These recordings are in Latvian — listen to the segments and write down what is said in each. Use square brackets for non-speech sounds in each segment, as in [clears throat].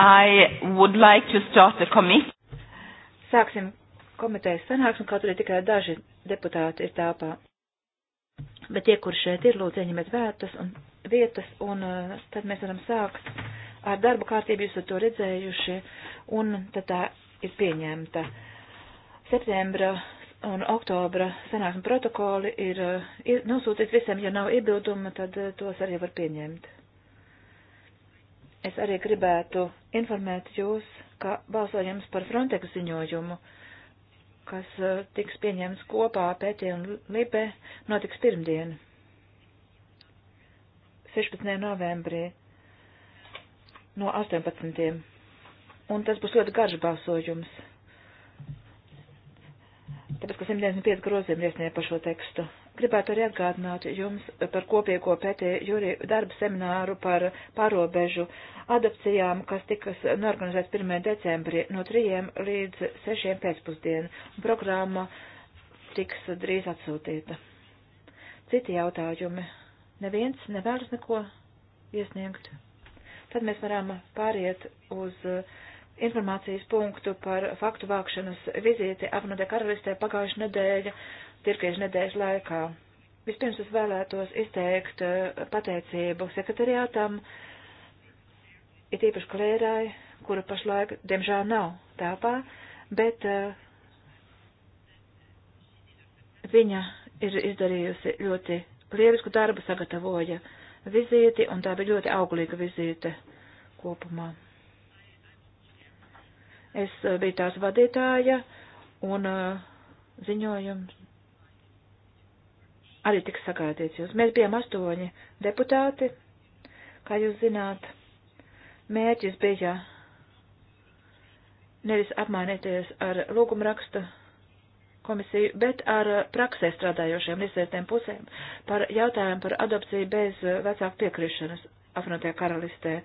I would like to start the committee. Sāksim komitejas sanāksmi, kaut arī tikai daži deputāti ir tāpā. Bet tie, kur šeit ir, lūdzu, ieņemiet vērtas un vietas, un uh, tad mēs varam sākt ar darbu kārtību, jūs to redzējuši, un tad tā ir pieņemta. Septembra un oktobra sanāksmi protokoli ir, uh, ir nosūtīts visiem, ja nav iebilduma, tad uh, tos arī var pieņemt. Es arī gribētu informēt jūs, ka balsojums par Frontex ziņojumu, kas eh, tiks pieņemts kopā Pētie un Libe, notiks pirmdien, 16. novembrī, no 18. Un tas būs ļoti garš balsojums, tāpēc, ka 195 grozījumi iesniedz par šo tekstu. Gribētu arī atgādināt jums par kopīgo pētī jūri darba semināru par pārobežu adapcijām, kas tikas norganizēts nu, 1. decembrī no 3 līdz 6 pēcpusdienu. Programma tiks drīz atsūtīta. Citi jautājumi. Neviens nevēlas neko iesniegt. Tad mēs varam pāriet uz uh, informācijas punktu par faktu vākšanas vizīti apnodē karalistē pagājušajā nedēļā Tirkiešu nedēļas laikā. Vispirms es vēlētos izteikt eh, pateicību sekretariātam, it īpaši klērai, kura pašlaik, diemžēl, nav tāpā, bet eh, viņa ir izdarījusi ļoti lielisku darbu, sagatavoja vizīti, un tā bija ļoti auglīga vizīte kopumā. Es eh, biju tās vadītāja, un ziņojums arī tiks sagaidīts jūs. Mēs bijām astoņi deputāti, kā jūs zināt. Mērķis bija nevis apmainīties ar lūgumraksta komisiju, bet ar praksē strādājošiem iesaistēm pusēm par jautājumu par adopciju bez vecāku piekrišanas apvienotajā karalistē.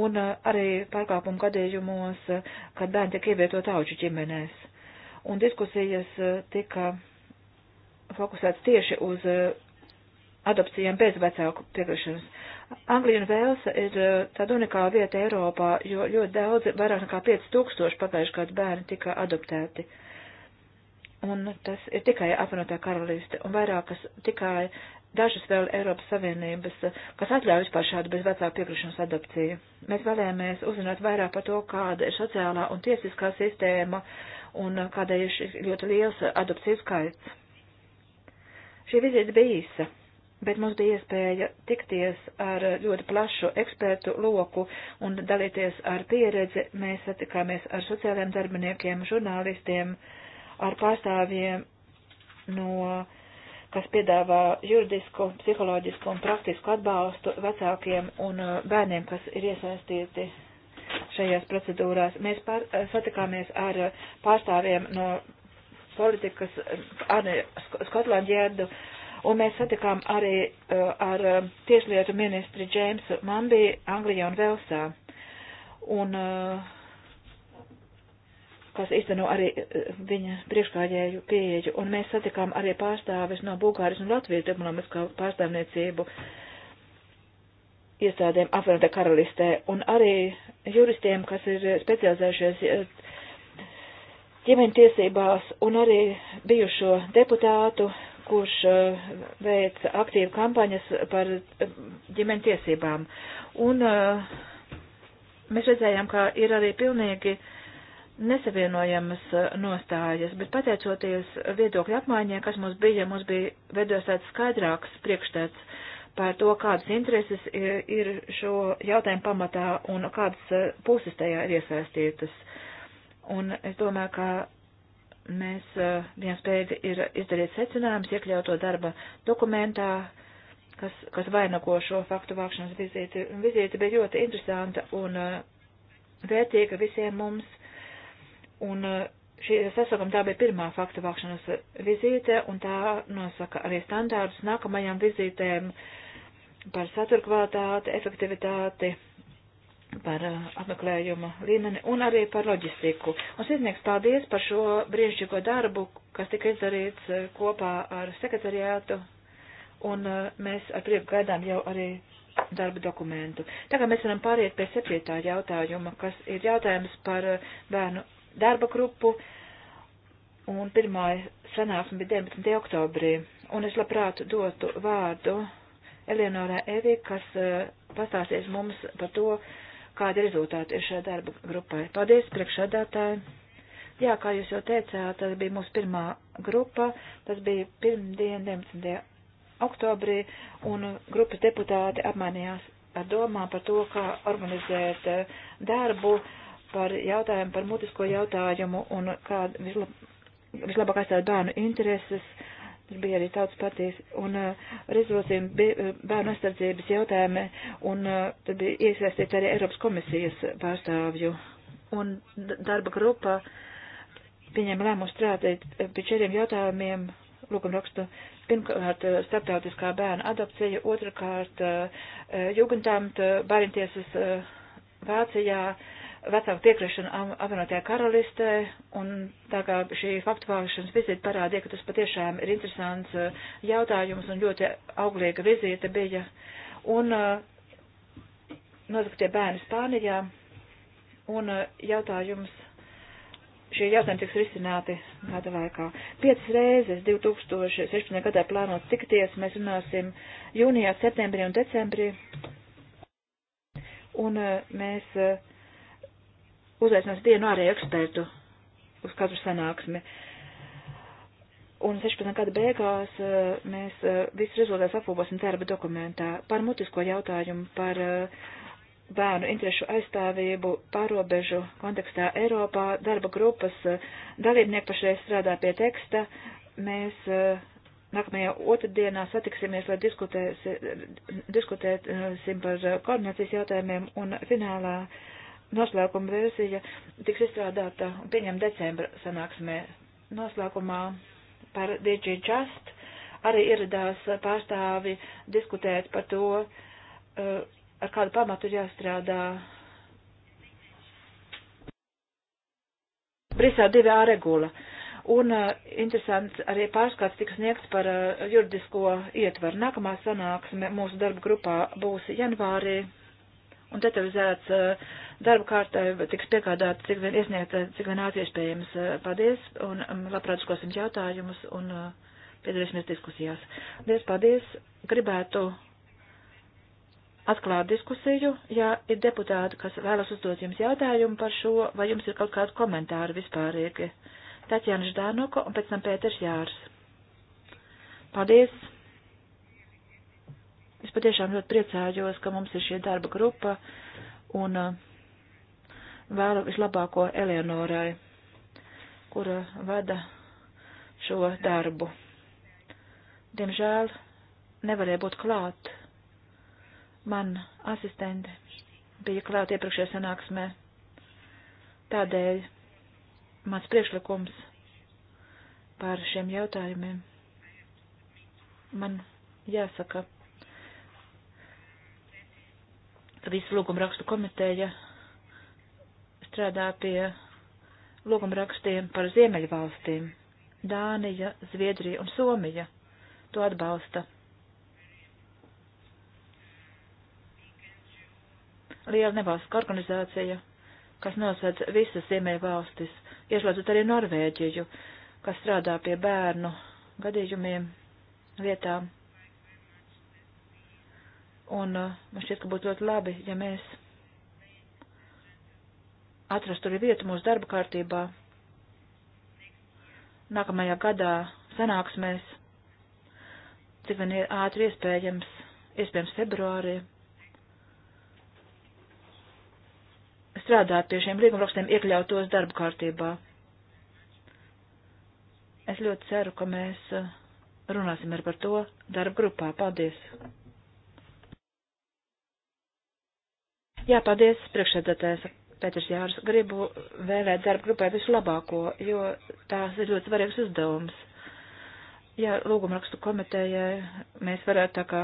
Un arī pārkāpumu gadījumos, kad bērni tiek ievietot auģu ģimenēs. Un diskusijas tika fokusēts tieši uz eh, adopcijām bez vecāku piekrišanas. Anglija un Velsa ir eh, tāda unikāla vieta Eiropā, jo ļoti daudz, vairāk nekā 5000 pagājušajā gadā bērni tika adoptēti. Un tas ir tikai apvienotā karaliste un vairākas tikai dažas vēl Eiropas Savienības, eh, kas atļauj vispār šādu bez vecāku piekrišanas adopciju. Mēs vēlējāmies uzzināt vairāk par to, kāda ir sociālā un tiesiskā sistēma un kādai ir ļoti liels adopcijas skaits. Šī vizīte bija īsa, bet mums bija iespēja tikties ar ļoti plašu ekspertu loku un dalīties ar pieredzi. Mēs satikāmies ar sociālajiem darbiniekiem, žurnālistiem, ar pārstāvjiem no kas piedāvā juridisku, psiholoģisku un praktisku atbalstu vecākiem un uh, bērniem, kas ir iesaistīti šajās procedūrās. Mēs pār, uh, satikāmies ar uh, pārstāvjiem no politikas ar Skotlandu jēdu, un mēs satikām arī ar tieslietu ministri Džēmsu Mambī Anglijā un Velsā, un kas izteno arī viņa priekškājēju pieeju, un mēs satikām arī pārstāvis no Bulgārijas un Latvijas diplomatiskā pārstāvniecību iestādēm apvienotā karalistē, un arī juristiem, kas ir specializējušies ģimeņu tiesībās un arī bijušo deputātu, kurš eh, veic aktīvu kampaņas par eh, ģimeņu tiesībām. Un eh, mēs redzējām, ka ir arī pilnīgi nesavienojamas nostājas, bet pateicoties viedokļu apmaiņai, kas mums bija, mums bija veidos tāds skaidrāks priekšstats par to, kādas intereses ir šo jautājumu pamatā un kādas puses tajā ir iesaistītas. Uh, Un es domāju, ka mēs eh, viens pēdi ir izdarīt secinājums, iekļaut to darba dokumentā, kas, kas vainago šo faktu vākšanas vizīti. Vizīte bija ļoti interesanta un eh, vērtīga visiem mums. Un eh, šī sasakam tā bija pirmā faktu vākšanas vizīte, un tā nosaka arī standārdus nākamajām vizītēm par satura kvalitāti, efektivitāti par uh, apmeklējuma līmeni un arī par loģistiku. Un sirsnieks paldies par šo brīnišķīgo darbu, kas tika izdarīts uh, kopā ar sekretariātu, un uh, mēs ar prieku gaidām jau arī darba dokumentu. Tagad mēs varam pāriet pie septītā jautājuma, kas ir jautājums par bērnu darba grupu, un pirmā sanāksme bija 19. oktobrī, un es labprāt dotu vārdu Eleonorai Evi, kas pastāsties mums par to, uh, kādi rezultāti ir šai darba grupai. Paldies, priekšādātāji! Jā, kā jūs jau teicāt, tas bija mūsu pirmā grupa, tas bija pirmdien, 19. oktobrī, un grupas deputāti apmainījās ar domām par to, kā organizēt eh, darbu par jautājumu, par mutisko jautājumu un kā vislab, vislabāk aizstāt bērnu intereses Tur bija arī tautas partijas un uh, rezolūcijiem uh, bērnu aizsardzības jautājumi, un uh, tad bija iesaistīta arī Eiropas komisijas pārstāvju. Un darba grupa pieņēma lēmumu strādāt pie četriem jautājumiem, lūgum rakstu, pirmkārt uh, starptautiskā bērna adopcija, otrkārt uh, uh jugendamt, bērntiesas uh, Vācijā, uh, vecāku piekrišanu apvienotajā karalistē, un tā kā šī faktu vākšanas vizīte parādīja, ka tas patiešām ir interesants uh, jautājums un ļoti auglīga vizīte bija. Un uh, nozaktie bērni Spānijā, un uh, jautājums, šie jautājumi tiks risināti gada laikā. Piecas reizes 2016. gadā plānot tikties, mēs runāsim jūnijā, septembrī un decembrī, un mēs uh, uzaicinās vienu ārēju ekspertu uz katru sanāksmi. Un 16. gada beigās eh, mēs eh, visus rezultātus apkoposim darba dokumentā par mutisko jautājumu par eh, bērnu interešu aizstāvību pārobežu kontekstā Eiropā. Darba grupas dalībnieki pašreiz strādā pie teksta. Mēs nākamajā otrdienā satiksimies, lai diskutēsim par koordinācijas jautājumiem un finālā uh, noslēguma versija tiks izstrādāta un pieņemta decembra sanāksmē. Noslēgumā par DJ Just arī ieradās pārstāvi diskutēt par to, eh, ar kādu pamatu ir jāstrādā. Brisā 2A regula. Un uh, interesants arī pārskats tiks sniegts par uh, juridisko ietvaru. Nākamā sanāksme mūsu darba grupā būs janvārī un detalizēts uh, darba kārtai tiks piegādāt, cik vien iesniegt, cik vien ātri iespējams. Eh, paldies, un mm, labprāt uzklausīsim jautājumus, un eh, piedalīsimies diskusijās. Liels paldies, gribētu atklāt diskusiju, ja ir deputāti, kas vēlas uzdot jums jautājumu par šo, vai jums ir kaut kādi komentāri vispārīgi. Tatjana Ždānoko un pēc tam Pēters Jārs. Paldies! Es patiešām ļoti priecājos, ka mums ir šī darba grupa un uh, vēlu vislabāko Eleonorai, kura vada šo darbu. Diemžēl nevarēja būt klāt. Man asistenti bija klāt iepriekšējā sanāksmē. Tādēļ mans priekšlikums par šiem jautājumiem man jāsaka, ka visu lūgumu rakstu komiteja strādā pie lūgumrakstiem par Ziemeļvalstīm. Dānija, Zviedrija un Somija to atbalsta. Liela nevalstiska organizācija, kas nosedz visas Ziemeļvalstis, ieslēdzot arī Norvēģiju, kas strādā pie bērnu gadījumiem, vietām. Un uh, man šķiet, ka būtu ļoti labi, ja mēs atrast arī vietu mūsu darba kārtībā. Nākamajā gadā sanāksmēs, cik vien ātri iespējams, iespējams februārī, strādāt pie šiem līgumrakstiem iekļautos darba kārtībā. Es ļoti ceru, ka mēs uh, runāsim arī par to darba grupā. Paldies! Jā, paldies, priekšsēdētājs. Pēters Jārs, gribu vēlēt darba grupai visu labāko, jo tās ir ļoti svarīgs uzdevums. Ja lūgumrakstu komitejai mēs varētu tā kā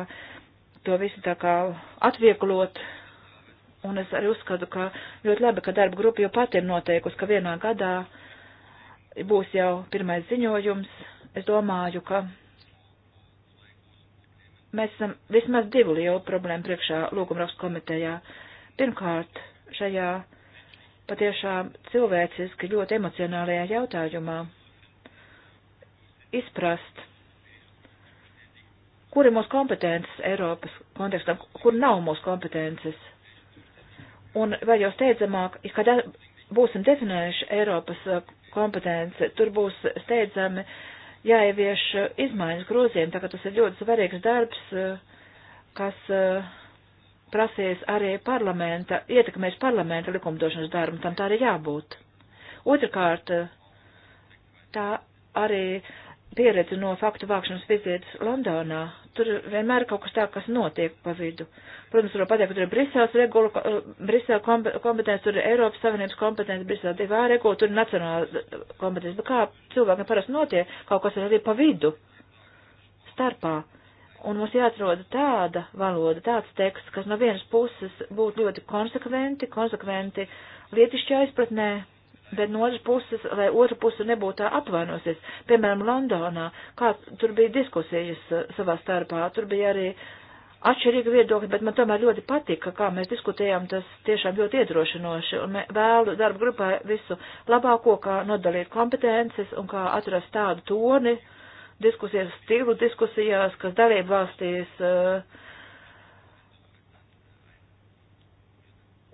to visu tā kā atvieglot, un es arī uzskatu, ka ļoti labi, ka darba grupa jau pati ir noteikusi, ka vienā gadā būs jau pirmais ziņojums. Es domāju, ka mēs esam vismaz divu lielu problēmu priekšā lūgumrakstu komitejā. Pirmkārt, šajā patiešām cilvēciski ļoti emocionālajā jautājumā izprast, kur ir mūsu kompetences Eiropas kontekstam, kur nav mūsu kompetences. Un vai jau steidzamāk, kad būsim definējuši Eiropas uh, kompetenci, tur būs steidzami jāievieš uh, izmaiņas groziem, tā ka tas ir ļoti svarīgs darbs, uh, kas uh, prasīs arī parlamenta, ietekmēs parlamenta likumdošanas darbu, tam tā arī jābūt. Otrakārt, tā arī pieredze no faktu vākšanas vizītes Londonā. Tur vienmēr kaut kas tā, kas notiek pa vidu. Protams, var pateikt, ka tur ir Briseles regula, Brisele kompetence, tur ir Eiropas Savienības kompetence, Brisele divā regula, tur ir nacionāla kompetence. Bet nu, kā cilvēkam parasti notiek, kaut kas ir arī pa vidu, starpā. Un mums jāatrod tāda valoda, tāds teksts, kas no vienas puses būtu ļoti konsekventi, konsekventi lietišķā izpratnē, bet no otras puses, lai otra puse nebūtu tā apvainosies. Piemēram, Londonā, kā tur bija diskusijas eh, savā starpā, tur bija arī atšķirīgi viedokļi, bet man tomēr ļoti patika, kā mēs diskutējām, tas tiešām ļoti iedrošinoši, un vēlu darba grupai visu labāko, kā nodalīt kompetences un kā atrast tādu toni, diskusijas, stīvu diskusijās, kas dalība valstīs uh,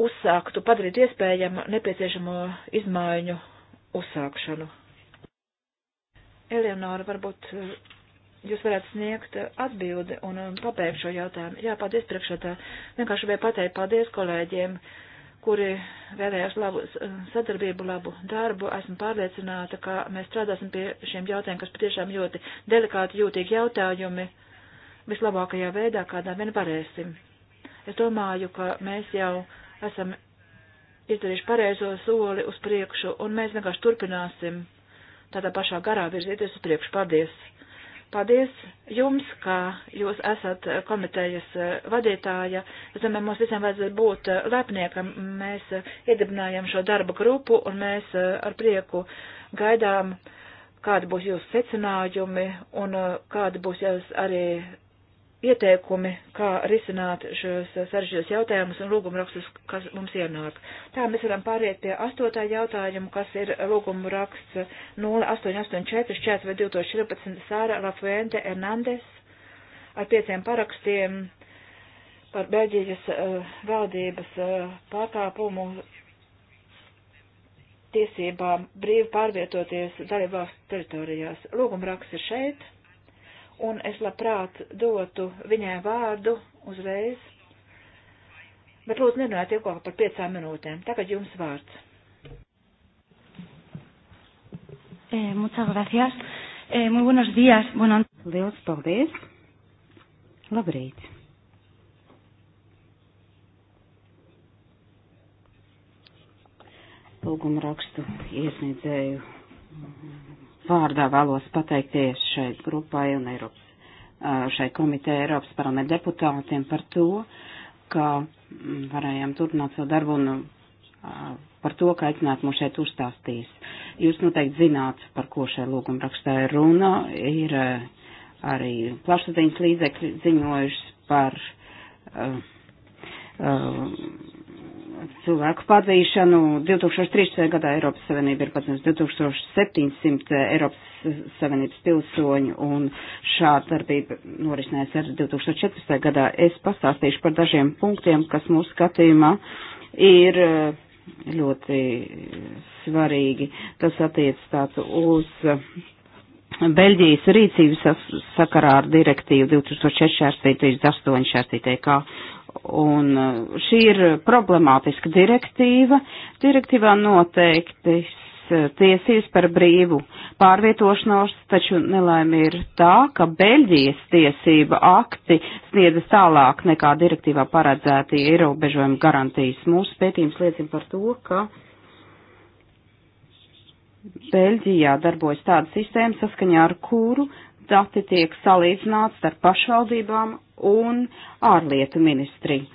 uzsāktu, padarīt iespējamu nepieciešamo izmaiņu uzsākšanu. Eleonora, varbūt eh, jūs varētu sniegt eh, atbildi un pabeigt šo jautājumu. Jā, paldies priekšētā. Vienkārši vēl pateikt paldies kolēģiem kuri vēlējās labu eh, sadarbību, labu darbu. Esmu pārliecināta, ka mēs strādāsim pie šiem jautājumiem, kas patiešām ļoti delikāti, jūtīgi jautājumi, vislabākajā veidā, kādā vien varēsim. Es domāju, ka mēs jau esam izdarījuši pareizo soli uz priekšu, un mēs vienkārši turpināsim tādā pašā garā virzīties uz priekšu. Paldies! Paldies jums, ka jūs esat komitejas eh, vadītāja. Es domāju, mums visiem vajadzētu būt eh, lepniekam. Mēs eh, iedibinājām šo darba grupu un mēs ar prieku gaidām, kādi būs jūsu secinājumi un kādi būs jūs arī ieteikumi, kā risināt šos sarežģītos jautājumus un lūgumrakstus, kas mums ienāk. Tā mēs varam pāriet pie astotā jautājuma, kas ir lūgumraksts 0884 4 vai 2014 Sāra Lafuente Hernandez ar pieciem parakstiem par Beļģijas uh, valdības uh, pārkāpumu tiesībām brīvi pārvietoties dalībās teritorijās. Lūgumraksts ir šeit un es labprāt dotu viņai vārdu uzreiz. Bet lūdzu, nerunājiet ilgāk par piecām minūtēm. Tagad jums vārds. Eh, muchas gracias. Eh, muy buenos días. Bueno, Liels paldies. Labrīt. Lūgumu rakstu iesniedzēju vārdā vēlos pateikties šai grupai un Eiropas, šai komitē Eiropas parlamenta deputātiem par to, ka mm, varējām turpināt savu darbu un par to, ka aicināt mūs šeit uzstāstīs. Jūs noteikti zināt, par ko šai lūgumrakstā ir runa. Ir arī plašsaziņas līdzekļi ziņojuši par uh, uh, cilvēku padzīšanu. 2013. gadā Eiropas Savienība ir padzimis 2700 Eiropas Savienības pilsoņu, un šāda darbība norisinājās arī 2014. gadā. Es pastāstīšu par dažiem punktiem, kas mūsu skatījumā ir eh, ļoti svarīgi. Tas attiec tātad uz Beļģijas rīcības sakarā ar direktīvu 2006.38.6. Un uh, šī ir problemātiska direktīva. Direktīvā noteikti uh, tiesības par brīvu pārvietošanos, taču nelaime ir tā, ka Beļģijas tiesība akti sniedzas tālāk nekā direktīvā paredzētie ierobežojumi garantijas. Mūsu pētījums liecina par to, ka Beļģijā darbojas tāda sistēma, saskaņā ar kuru dati tiek salīdzināts ar pašvaldībām un ārlietu ministriju.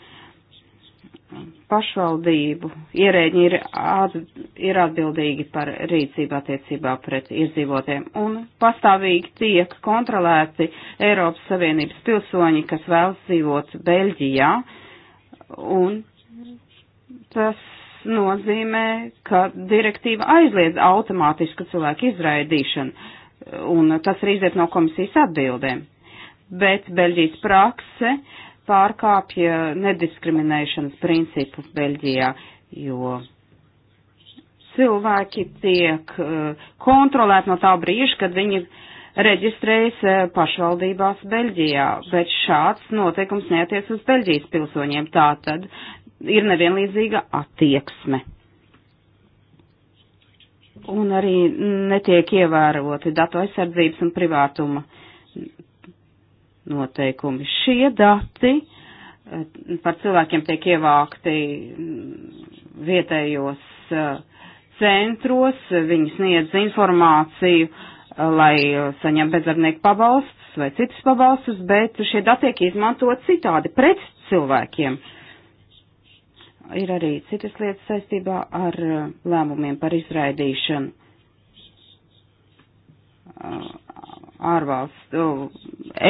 Pašvaldību ierēģi ir, at, ir atbildīgi par rīcību attiecībā pret iedzīvotiem un pastāvīgi tiek kontrolēti Eiropas Savienības pilsoņi, kas vēlas dzīvot Beļģijā, un tas nozīmē, ka direktīva aizliedz automātisku cilvēku izraidīšanu, un tas arī iziet no komisijas atbildēm. Bet Beļģijas prakse pārkāpja nediskriminēšanas principu Beļģijā, jo cilvēki tiek eh, kontrolēti no tā brīža, kad viņi reģistrējas eh, pašvaldībās Beļģijā, bet šāds noteikums neatiec uz Beļģijas pilsoņiem. Tātad ir nevienlīdzīga attieksme. Un arī netiek ievēroti datu aizsardzības un privātuma noteikumi. Šie dati eh, par cilvēkiem tiek ievākti vietējos eh, centros, viņi sniedz informāciju, eh, lai saņem bezdarbnieku pabalstus vai citus pabalstus, bet šie dati tiek izmantot citādi pret cilvēkiem. Uh, ir arī citas lietas saistībā ar uh, lēmumiem par izraidīšanu uh, ārvalstu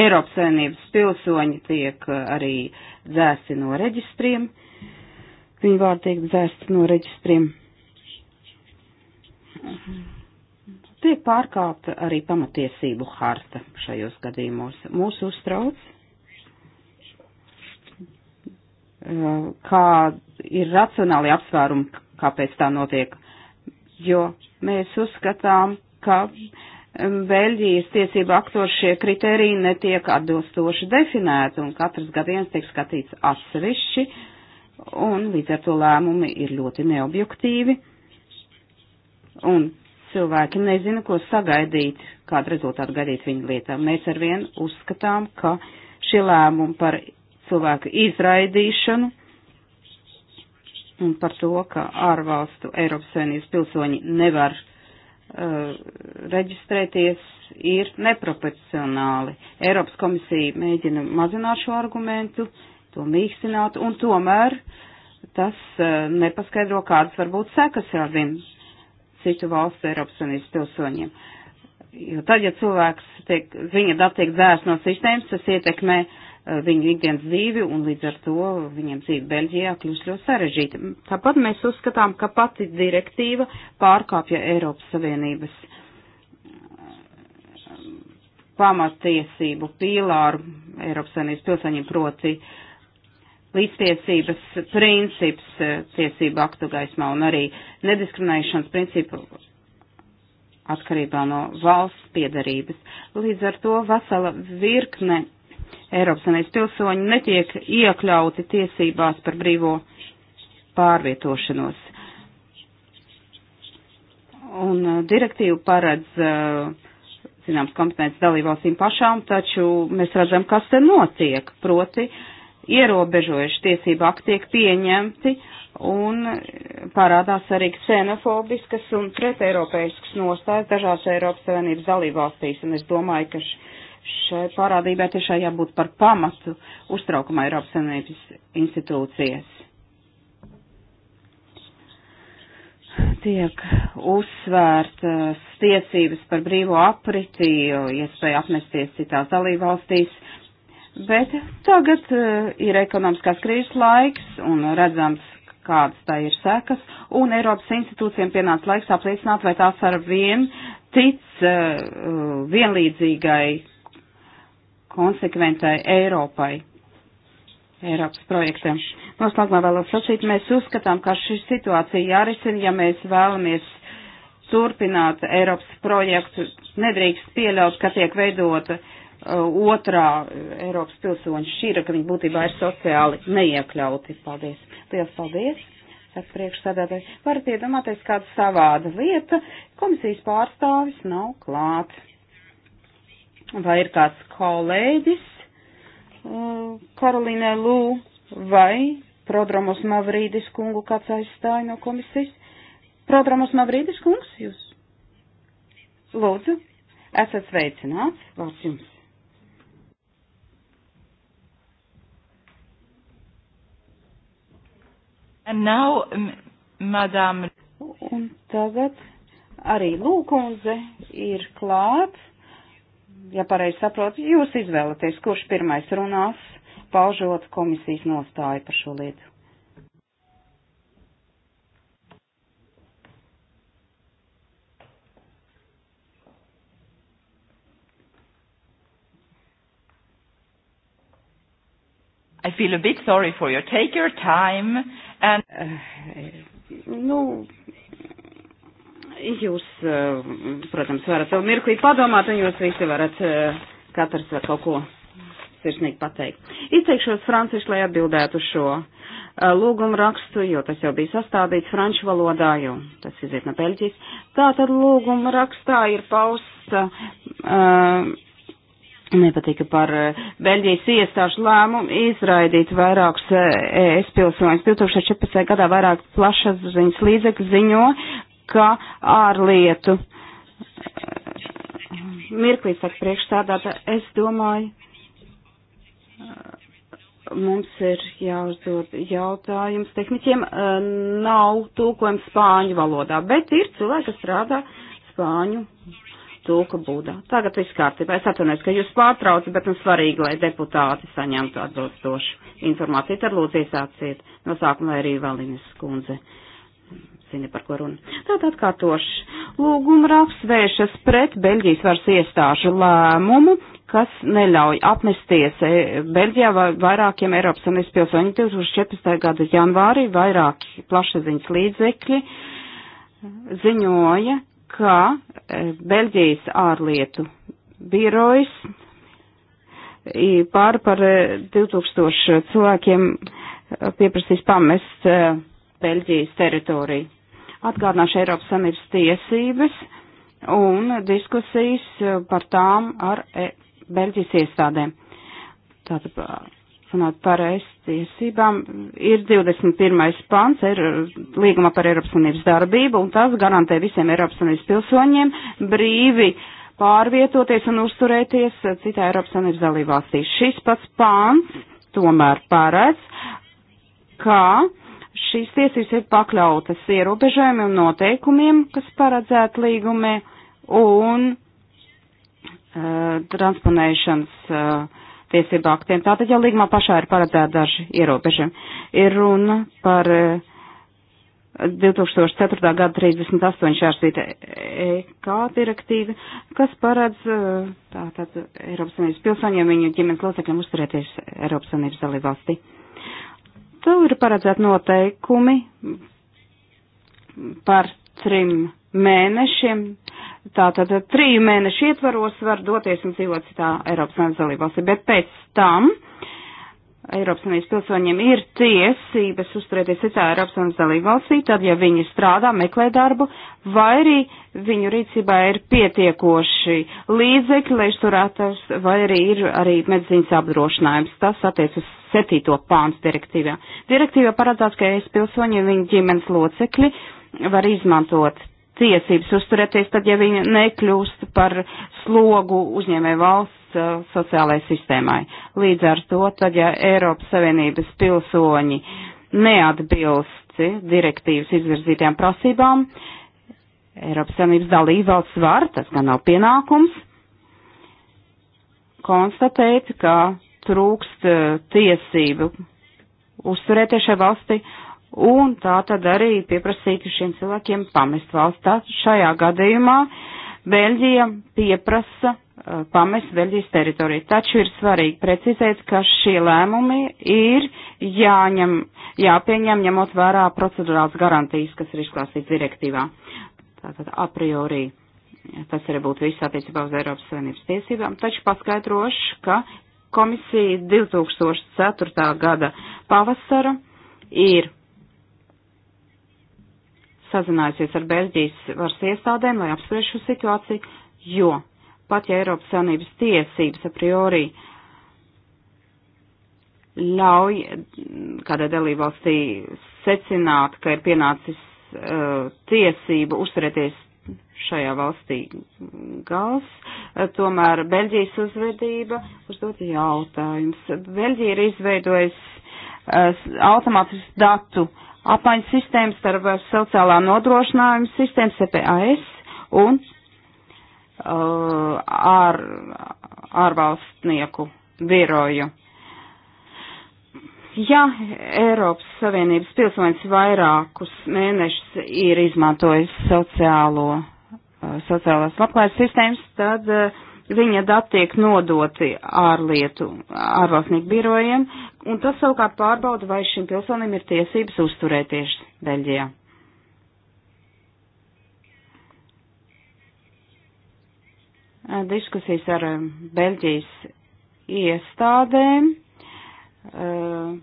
Eiropas Savienības pilsoņi tiek uh, arī dzēsti no reģistriem. Viņu vārdi tiek dzēsti no reģistriem. Tiek pārkāpta arī pamatiesību harta šajos gadījumos. Mūsu uztrauc Eh, kā ir racionāli apsvērumi, kāpēc tā notiek. Jo mēs uzskatām, ka mm, Beļģijas tiesība aktos šie kriteriji netiek atbilstoši definēti, un katrs gadījums tiek skatīts atsevišķi, un līdz ar to lēmumi ir ļoti neobjektīvi, un cilvēki nezina, ko sagaidīt, kādu rezultātu gaidīt viņu lietām. Mēs arvien uzskatām, ka šie lēmumi par cilvēku izraidīšanu un par to, ka ārvalstu Eiropas Savienības pilsoņi nevar uh, reģistrēties, ir neproporcionāli. Eiropas komisija mēģina mazināt šo argumentu, to mīkstināt, un tomēr tas uh, nepaskaidro, kādas var būt sekas šādiem citu valstu Eiropas Savienības pilsoņiem. Jo tad, ja cilvēks tiek, viņa dati tiek dzēst no sistēmas, tas ietekmē uh, Eh, viņu ikdienas dzīvi, un līdz ar to viņiem dzīve Beļģijā kļūst ļoti sarežģīta. Tāpat mēs uzskatām, ka pati direktīva pārkāpja Eiropas Savienības eh, pamatiesību pīlāru Eiropas Savienības pilsoņiem proti līdztiesības princips eh, tiesību aktu gaismā un arī nediskriminēšanas principu atkarībā no valsts piedarības. Līdz ar to vesela virkne Eiropas Savienības pilsoņi netiek iekļauti tiesībās par brīvo pārvietošanos. Un uh, direktīva paredz, uh, zināms, kompetences dalībvalstīm pašām, taču mēs redzam, kas te notiek, proti ierobežojuši tiesību akti tiek pieņemti un parādās arī ksenofobiskas un preteiropeiskas nostājas dažās Eiropas Savienības dalībvalstīs, un es domāju, ka šai parādībai tiešām jābūt par pamatu uztraukumā Eiropas Savienības institūcijas. Tiek uzsvērtas tiesības par brīvo apriti, iespēja apmesties citās dalībvalstīs, bet tagad eh, ir ekonomiskās krīzes laiks un redzams, kādas tā ir sekas, un Eiropas institūcijiem pienāca laiks apliecināt, vai tās ar vien tic uh, vienlīdzīgai konsekventai Eiropai, Eiropas projektam. Noslēgumā vēlos sacīt, mēs uzskatām, ka šī situācija jārisina, ja mēs vēlamies turpināt Eiropas projektu. Nedrīkst pieļaut, ka tiek veidota uh, otrā Eiropas pilsoņa šķīra, ka viņi būtībā ir sociāli neiekļauti. Paldies! Lielas paldies! Saka priekšsēdētāji, varat iedomāties kāda savāda lieta, komisijas pārstāvis nav klāts. Vai ir kāds kolēģis uh, Karolīnai Lū vai Prodromos Mavrīdis kungu kāds aizstāja no komisijas? Prodromos Mavrīdis kungs jūs? Lūdzu, esat sveicināts, vārds jums. And now, madam. Un tagad arī Lūkundze ir klāts ja pareizi saprotu, jūs izvēlaties, kurš pirmais runās, paužot komisijas nostāju par šo lietu. I feel a bit sorry for you. Take your time and. Uh, nu, Jūs, eh, protams, varat vēl mirklī padomāt, un jūs visi varat, eh, katrs var kaut ko sirsnīgi pateikt. Izteikšos franciski, lai atbildētu uz šo eh, lūgumu rakstu, jo tas jau bija sastādīts franču valodā, jo tas iziet no Beļģijas. Tā tad lūguma rakstā ir pausta uh, nepatika par Beļģijas iestāžu lēmumu izraidīt vairākus ES e pilsoņus. 2014. gadā vairāk plašas ziņas līdzekļu ziņo ka ārlietu mirklīt saka priekšstādātā, es domāju, mums ir jāuzdod jautājums tehniķiem. Nav tūkojums spāņu valodā, bet ir cilvēki, kas strādā spāņu tūka būdā. Tagad viss kārtībā. Es atvainojos, ka jūs pārtraucat, bet nu svarīgi, lai deputāti saņemtu atbilstošu informāciju. Tad lūdzu iesāciet no sākuma arī Valinis kundze zina, par ko runa. Tātad atkārtoši. Lūguma raksts vēršas pret Beļģijas varas iestāžu lēmumu, kas neļauj apmesties e, Beļģijā vairākiem Eiropas Savienības pilsoņiem 2014. gada janvārī vairāki plašsaziņas līdzekļi ziņoja, ka e, Beļģijas ārlietu birojs pāri par 2000 e, cilvēkiem pieprasīs pamest Beļģijas teritoriju. Atgādināšu Eiropas Savienības tiesības un diskusijas par tām ar e Beļģijas iestādēm. Tātad runāt par es tiesībām ir 21. pants ir līguma par Eiropas Savienības darbību un tas garantē visiem Eiropas Savienības pilsoņiem brīvi pārvietoties un uzturēties citā Eiropas Savienības dalībvalstī. Šis pats pants tomēr paredz, ka šīs tiesības ir pakļautas ierobežojumiem un noteikumiem, kas paredzēti līgumē, un uh, transponēšanas uh, tiesību aktiem. Tātad jau līgumā pašā ir paredzēti daži ierobežojumi. Ir runa par e, uh, 2004. gada 38 šārstīta EK direktīva, kas paredz uh, tātad Eiropas Savienības pilsoņiem viņu ģimenes locekļiem uzturēties Eiropas Savienības dalībvalstī. Tur ir paredzēti noteikumi par trim mēnešiem. Tātad triju mēnešu ietvaros var doties un dzīvot citā Eiropas Savienības dalībvalstī, bet pēc tam Eiropas Savienības pilsoņiem ir tiesības uzturēties citā Eiropas Savienības dalībvalstī, tad ja viņi strādā, meklē darbu, vai arī viņu rīcībā ir pietiekoši līdzekļi, lai izturētos, vai arī ir arī medicīnas apdrošinājums. Tas attiec uz septīto pāns direktīvā. Direktīvā paredzēts, ka es pilsoņi un viņu ģimenes locekļi var izmantot tiesības uzturēties, tad ja viņi nekļūst par slogu uzņēmē valsts uh, sociālajai sistēmai. Līdz ar to, tad ja Eiropas Savienības pilsoņi neatbilst direktīvas izvirzītajām prasībām, Eiropas Savienības dalība valsts var, tas gan nav pienākums, konstatēt, ka trūkst eh, tiesību uzturēt šai valsti, un tā tad arī pieprasītu šiem cilvēkiem pamest valsts. Tā šajā gadījumā Beļģija pieprasa eh, pamest Beļģijas teritoriju. Taču ir svarīgi precizēt, ka šie lēmumi ir jāņem, jāpieņem ņemot vērā procedurāls garantijas, kas ir izklāstīts direktīvā. Tātad a priori tas arī būtu viss attiecībā uz Eiropas Savienības tiesībām, taču paskaidrošu, ka komisija 2004. gada pavasara ir sazinājusies ar Beļģijas varas iestādēm, lai apspriež šo situāciju, jo pat ja Eiropas Savienības tiesības a priori ļauj kādai dalībvalstī secināt, ka ir pienācis uh, tiesība uzturēties šajā valstī gals. Tomēr Beļģijas uzvedība uzdot jautājums. Beļģija ir izveidojusi eh, automātisku datu apmaiņas sistēmas starp sociālā nodrošinājuma sistēmu CPAS un uh, ār, ārvalstnieku biroju. Ja Eiropas Savienības pilsonis vairākus mēnešus ir izmantojis sociālo Uh, sociālās labklājības sistēmas, tad uh, viņa dati tiek nodoti ārlietu, ārvalstnieku birojiem, un tas savukārt pārbauda, vai šim pilsonim ir tiesības uzturēties Beļģijā. Uh, diskusijas ar Beļģijas iestādēm. Uh,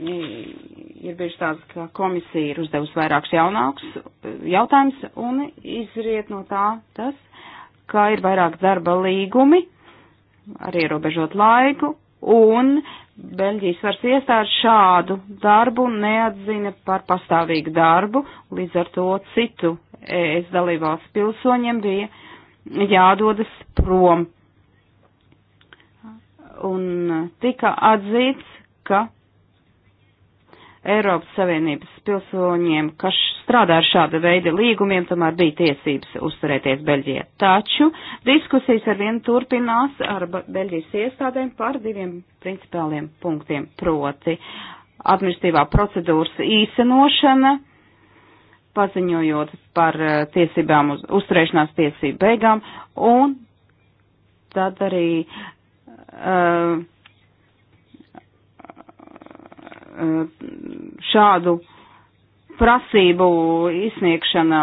ir bieži tāds, ka komisija ir uzdevusi vairākus jaunākus eh, jautājumus un izriet no tā tas, ka ir vairāk darba līgumi ar ierobežot laiku un Beļģijas varas iestādes šādu darbu neatzina par pastāvīgu darbu, līdz ar to citu ES dalībvalsts pilsoņiem bija jādodas prom. Un tika atzīts, ka Eiropas Savienības pilsoņiem, kas strādā ar šāda veida līgumiem, tomēr bija tiesības uzturēties Beļģijā. Taču diskusijas ar vienu turpinās ar Beļģijas iestādēm par diviem principāliem punktiem, proti administratīvā procedūras īsenošana, paziņojot par eh, tiesībām uz uzturēšanās tiesību beigām, un tad arī uh, Eh, šādu prasību izsniegšana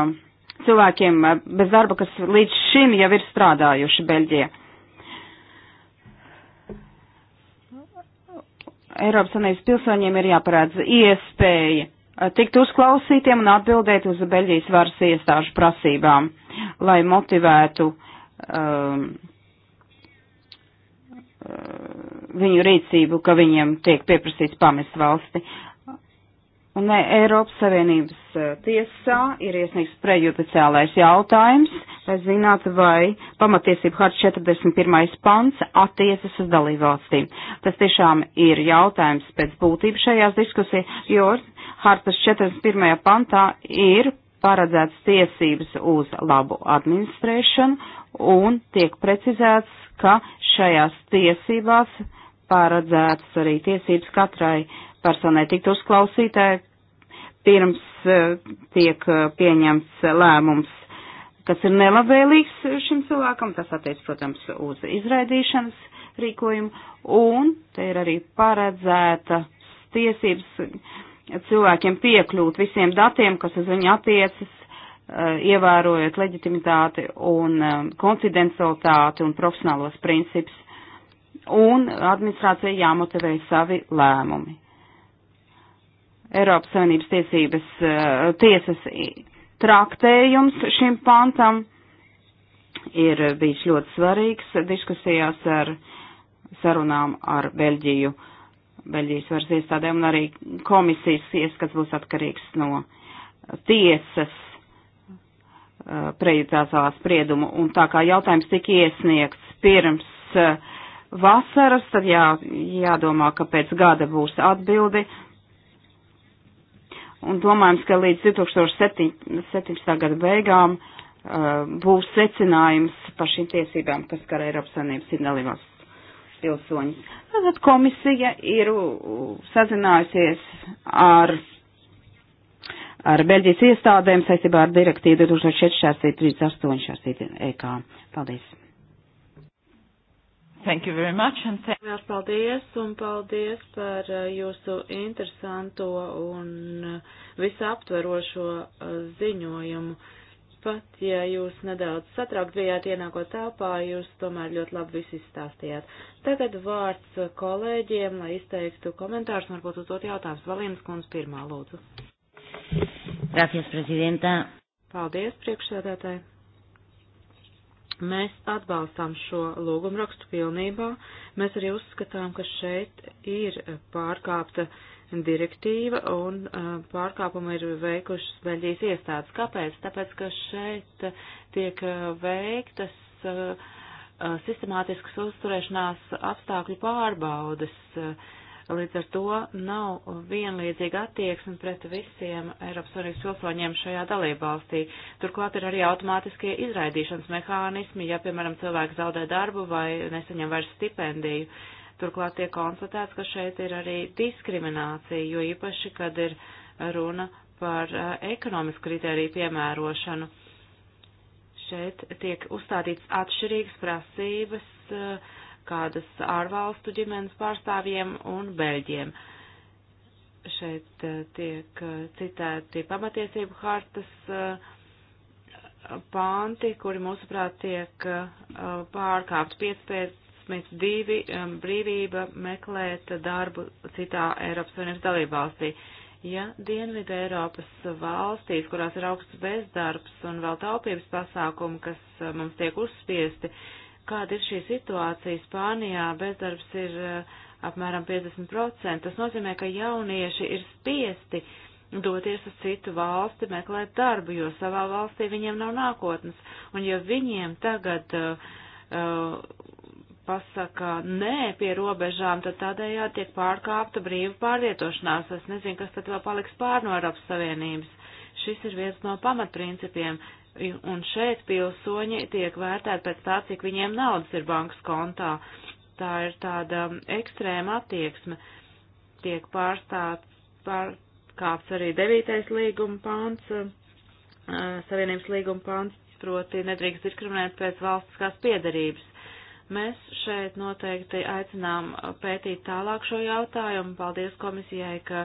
cilvēkiem eh, bez darba, kas līdz šim jau ir strādājuši Beļģijā. Eiropas Savienības pilsoņiem ir jāparādz iespēja eh, tikt uzklausītiem un atbildēt uz Beļģijas varas iestāžu prasībām, lai motivētu um, viņu rīcību, ka viņiem tiek pieprasīts pamest valsti. Un e, Eiropas Savienības e, tiesā ir iesniegts prejudiciālais jautājums, lai zinātu, vai pamatiesību harta 41. pants attiecas uz dalībvalstīm. Tas tiešām ir jautājums pēc būtības šajās diskusijās, jo hartas 41. pantā ir paredzēts tiesības uz labu administrēšanu un tiek precizēts, ka šajās tiesībās paredzēts arī tiesības katrai personai tikt uzklausītāji pirms eh, tiek eh, pieņemts lēmums, kas ir nelabvēlīgs eh, šim cilvēkam, tas attiec, protams, uz izraidīšanas rīkojumu, un te ir arī paredzēta tiesības cilvēkiem piekļūt visiem datiem, kas uz viņu attiecas, eh, ievērojot leģitimitāti un eh, konfidencialitāti un profesionālos principus. Un administrācija jāmotivē savi lēmumi. Eiropas Savienības tiesības eh, tiesas traktējums šim pantam ir bijis ļoti svarīgs diskusijās ar sarunām ar Beļģiju. Uh, Beļģijas varas iestādēm un arī komisijas ieskats būs atkarīgs no tiesas uh, prejudicālā sprieduma. Un tā kā jautājums tika iesniegts pirms uh, vasaras, tad jā, jādomā, ka pēc gada būs atbildi. Un domājams, ka līdz 2017. gada beigām uh, būs secinājums par šīm tiesībām, kas skar Eiropas Savienības signālībās pilsoņus. Tātad komisija ir sazinājusies ar, ar Beļģijas iestādēm saistībā ar direktīvu 2004.38. EK. Paldies! Thank you very much. And thank Vēl paldies un paldies par uh, jūsu interesanto un uh, visaptverošo uh, ziņojumu. Pat, ja jūs nedaudz satraukt bijāt ienākot telpā, jūs tomēr ļoti labi visu izstāstījāt. Tagad vārds kolēģiem, lai izteiktu komentārus un varbūt uzdot jautājumus. Valienas kundze pirmā, lūdzu. Gracias, prezidentā. Paldies, priekšsēdētāji. Mēs atbalstām šo lūgumrakstu pilnībā. Mēs arī uzskatām, ka šeit ir pārkāpta uh, direktīva un pārkāpumu ir veikušas Beļģijas iestādes. Kāpēc? Tāpēc, ka šeit tiek veiktas sistemātiskas uzturēšanās apstākļu pārbaudes. Līdz ar to nav vienlīdzīga attieksme pret visiem Eiropas Savienības pilsoņiem šajā dalībvalstī. Turklāt ir arī automātiskie izraidīšanas mehānismi, ja, piemēram, cilvēks zaudē darbu vai nesaņem vairs stipendiju. Uh, Turklāt tiek konstatēts, ka šeit ir arī diskriminācija, jo īpaši, kad ir runa par ekonomisku kritēriju piemērošanu. Šeit tiek uzstādīts atšķirīgas prasības, kādas ārvalstu ģimenes pārstāvjiem un beļģiem. Šeit tiek citēti pamatiesību hartas pānti, kuri, mūsuprāt, tiek pārkāpt 5 112 um, brīvība meklēt darbu citā Eiropas Savienības dalībvalstī. Ja Dienvidu Eiropas valstīs, kurās ir augsts bezdarbs un vēl taupības pasākumi, kas uh, mums tiek uzspiesti, kāda ir šī situācija Spānijā, bezdarbs ir uh, apmēram 50%. Tas nozīmē, ka jaunieši ir spiesti doties uz citu valsti meklēt darbu, jo savā valstī viņiem nav nākotnes. Un ja viņiem tagad uh, uh pasaka nē pie robežām, tad tādējādi tiek pārkāpta brīva pārvietošanās. Es nezinu, kas tad vēl paliks pār no Eiropas Savienības. Šis ir viens no pamatprincipiem, un šeit pilsoņi tiek vērtēti pēc tā, cik viņiem naudas ir bankas kontā. Tā ir tāda ekstrēma attieksme. Tiek pārstāts, pārkāpts arī devītais līguma pants, uh, Savienības līguma pants, proti nedrīkst diskriminēt pēc valstiskās piedarības Mēs šeit noteikti aicinām uh, pētīt tālāk šo jautājumu. Paldies komisijai, ka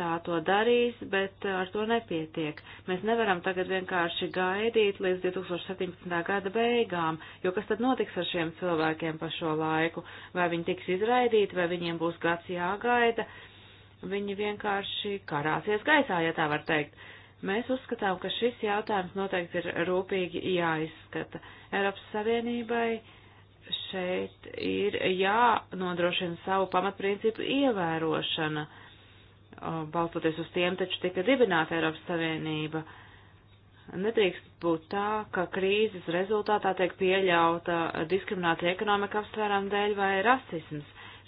tā to darīs, bet uh, ar to nepietiek. Mēs nevaram tagad vienkārši gaidīt līdz 2017. gada beigām, jo kas tad notiks ar šiem cilvēkiem pa šo laiku? Vai viņi tiks izraidīti, vai viņiem būs gads jāgaida? Viņi vienkārši karāsies gaisā, ja tā var teikt. Mēs uzskatām, ka šis jautājums noteikti ir rūpīgi jāizskata. Eiropas Savienībai šeit ir jānodrošina savu pamatprincipu ievērošana, balstoties uz tiem taču tika dibināta Eiropas Savienība. Nedrīkst būt tā, ka krīzes rezultātā tiek pieļauta diskriminācija ekonomika apsvērām dēļ vai rasisms.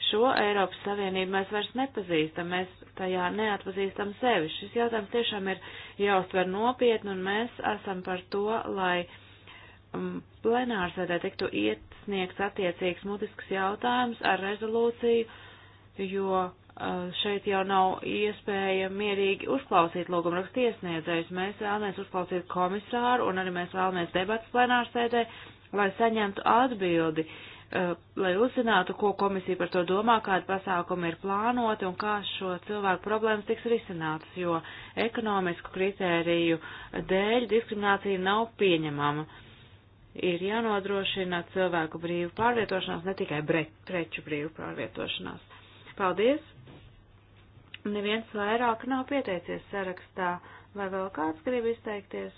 Šo Eiropas Savienību mēs vairs nepazīstam, mēs tajā neatpazīstam sevi. Šis jautājums tiešām ir jāuztver nopietni, un mēs esam par to, lai uh, Mm, plenārsēdē tiktu iesniegts attiecīgs mutisks jautājums ar rezolūciju, jo uh, šeit jau nav iespēja mierīgi uzklausīt lūgumu rakstu iesniedzējus. Mēs vēlamies uzklausīt komisāru un arī mēs vēlamies debatas plenārsēdē, lai saņemtu atbildi, uh, lai uzzinātu, ko komisija par to domā, kādi pasākumi ir plānoti un kā šo cilvēku problēmas tiks risinātas, jo ekonomisku kritēriju dēļ diskriminācija nav pieņemama. Uh, ir jānodrošina cilvēku brīvu pārvietošanās, ne tikai bre, preču brīvu pārvietošanās. Paldies! Neviens vairāk nav pieteicies sarakstā. Vai vēl kāds grib izteikties?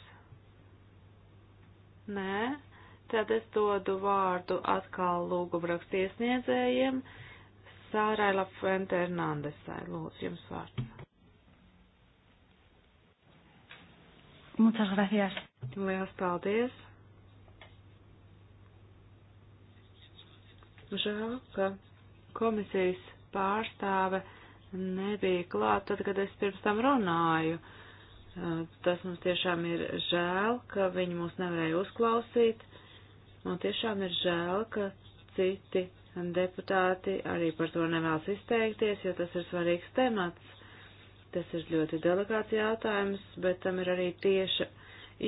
Nē, tad es dodu vārdu atkal lūgumrakstu iesniedzējiem. Sārai Lafrente Hernandesai, lūdzu, jums vārds. Muchas gracias. Lielas paldies. Žēl, ka komisijas pārstāve nebija klāt tad, kad es pirms tam runāju. Uh, tas mums tiešām ir žēl, ka viņi mūs nevarēja uzklausīt, un tiešām ir žēl, ka citi deputāti arī par to nevēlas izteikties, jo tas ir svarīgs temats. Tas ir ļoti delikāts jautājums, bet tam ir arī tieša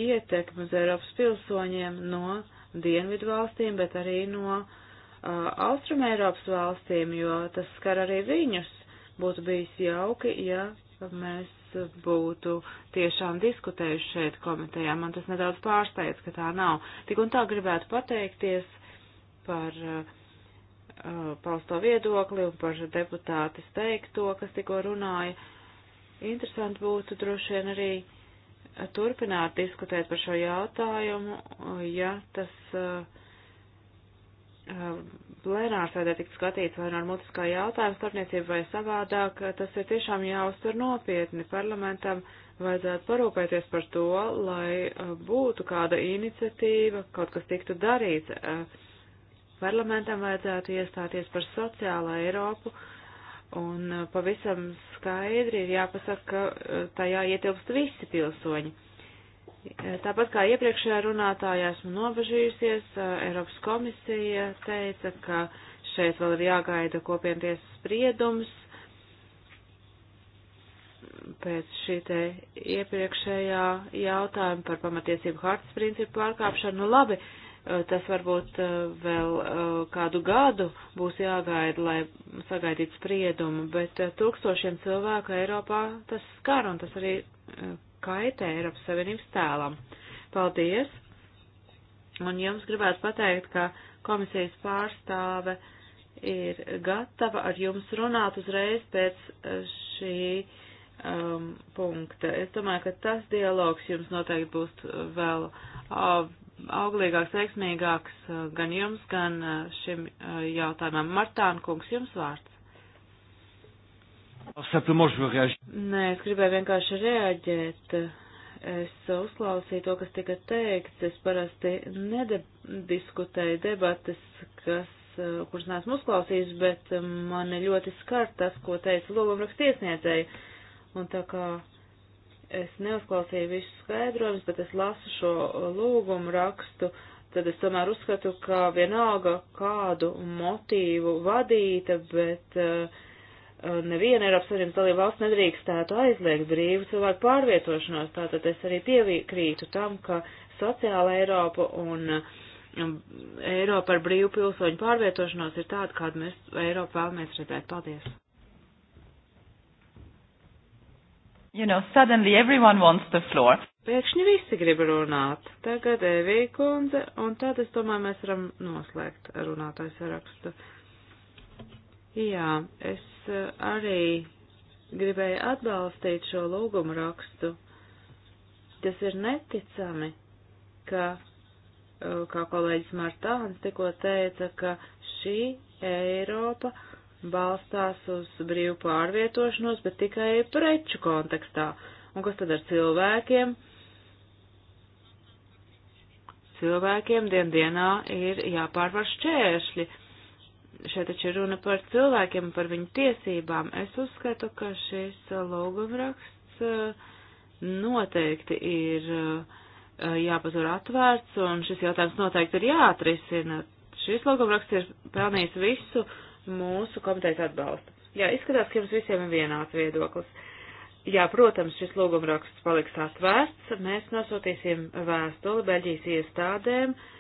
ietekme uz Eiropas pilsoņiem no dienvidu valstīm, bet arī no uh, Uh, Austrum Eiropas valstīm, jo tas skar arī viņus. Būtu bijis jauki, ja mēs būtu tiešām diskutējuši šeit komitejā. Man tas nedaudz pārsteidz, ka tā nav. Tik un tā gribētu pateikties par uh, uh pausto viedokli un par deputātis teikto, kas tikko runāja. Interesanti būtu droši vien arī turpināt diskutēt par šo jautājumu, ja tas uh, plenārs sēdē tik skatīts vai no nu mutiskā jautājuma starpniecība vai savādāk, tas ir tiešām jāuztver nopietni. Parlamentam vajadzētu parūpēties par to, lai būtu kāda iniciatīva, kaut kas tiktu darīts. Parlamentam vajadzētu iestāties par sociālo Eiropu un pavisam skaidri ir jāpasaka, ka tajā ietilpst visi pilsoņi. Tāpat kā iepriekšējā runātājā esmu nobežījusies, Eiropas komisija teica, ka šeit vēl ir jāgaida kopientiesas spriedums pēc šī te iepriekšējā jautājuma par pamatiesību hartas principu pārkāpšanu. Nu labi, tas varbūt vēl kādu gadu būs jāgaida, lai sagaidītu spriedumu, bet tūkstošiem cilvēku Eiropā tas skar un tas arī kaitē Eiropas Savienības tēlam. Paldies! Un jums gribētu pateikt, ka komisijas pārstāve ir gatava ar jums runāt uzreiz pēc eh, šī um, punkta. Es domāju, ka tas dialogs jums noteikti būs eh, vēl auglīgāks, veiksmīgāks eh, gan jums, gan šim jautājumam. Martāna kungs, jums vārds. Nē, es gribēju vienkārši reaģēt. Es uzklausīju to, kas tika teikts. Es parasti nediskutēju debatas, kas, kuras neesmu uzklausījis, bet mani ļoti skar tas, ko teica logumraksta iesniedzēji. Un tā kā es neuzklausīju visu skaidrojumus, bet es lasu šo lūgumu rakstu, tad es tomēr uzskatu, ka vienalga kādu motīvu vadīta, bet uh, neviena Eiropas Savienības dalība valsts nedrīkstētu aizliegt brīvu cilvēku pārvietošanos. Tātad es arī piekrītu tam, ka sociāla Eiropa un um, Eiropa ar brīvu pilsoņu pārvietošanos ir tāda, kādu mēs Eiropu vēlamies redzēt. Paldies! You know, suddenly everyone wants the floor. Pēkšņi visi grib runāt. Tagad Evija kundze, un tad es domāju, mēs varam noslēgt runātājs sarakstu. Jā, es arī gribēju atbalstīt šo lūgumu rakstu. Tas ir neticami, ka, uh, kā kolēģis Martāns tikko teica, ka šī Eiropa balstās uz brīvu pārvietošanos, bet tikai preču kontekstā. Un kas tad ar cilvēkiem? Cilvēkiem dien dienā ir jāpārvar šķēršļi, šeit taču ir runa par cilvēkiem, par viņu tiesībām. Es uzskatu, ka šis lūgumraksts eh, noteikti ir eh, jāpatur atvērts, un šis jautājums noteikti ir jāatrisina. Šis lūgumraksts ir pelnījis visu mūsu komitejas atbalstu. Jā, izskatās, ka jums visiem ir vienāds viedoklis. Jā, protams, šis lūgumraksts paliks atvērts. Mēs nosūtīsim vēstuli Beļģijas iestādēm. Uh,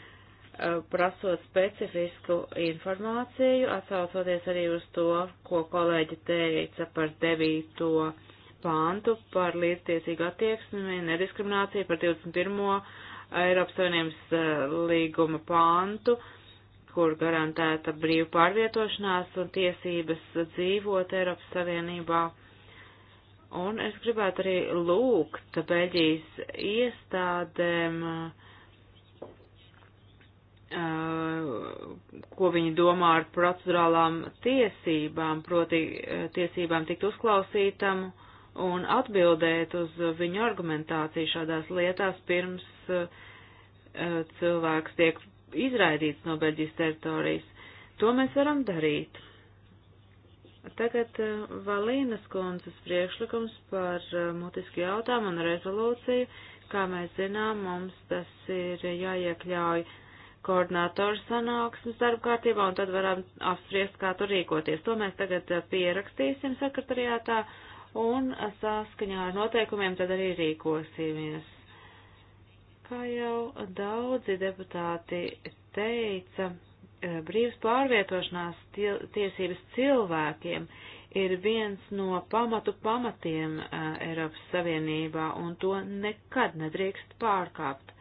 Uh, prasot specifisku informāciju, atsaucoties arī uz to, ko kolēģi teica par 9. pāntu, par līdztiesīgu attieksmi, nediskrimināciju, par 21. Eiropas Savienības uh, līguma pāntu, kur garantēta brīva pārvietošanās un tiesības dzīvot Eiropas Savienībā. Un es gribētu arī lūgt Beļģijas iestādēm uh, Uh, ko viņi domā ar procedurālām tiesībām, proti uh, tiesībām tikt uzklausītam un atbildēt uz viņu argumentāciju šādās lietās pirms uh, cilvēks tiek izraidīts no Beļģijas teritorijas. To mēs varam darīt. Tagad Valīnas kundzes priekšlikums par mutisku jautājumu un rezolūciju. Kā mēs zinām, mums tas ir jāiekļauj koordinātoru sanāksmes darba kārtībā, un tad varam apspriest, kā tur rīkoties. To mēs tagad eh, pierakstīsim sekretariātā, un eh, saskaņā ar noteikumiem tad arī rīkosimies. Kā jau daudzi deputāti teica, eh, brīvs pārvietošanās tiesības cilvēkiem ir viens no pamatu pamatiem Eiropas Savienībā, un to nekad nedrīkst pārkāpt.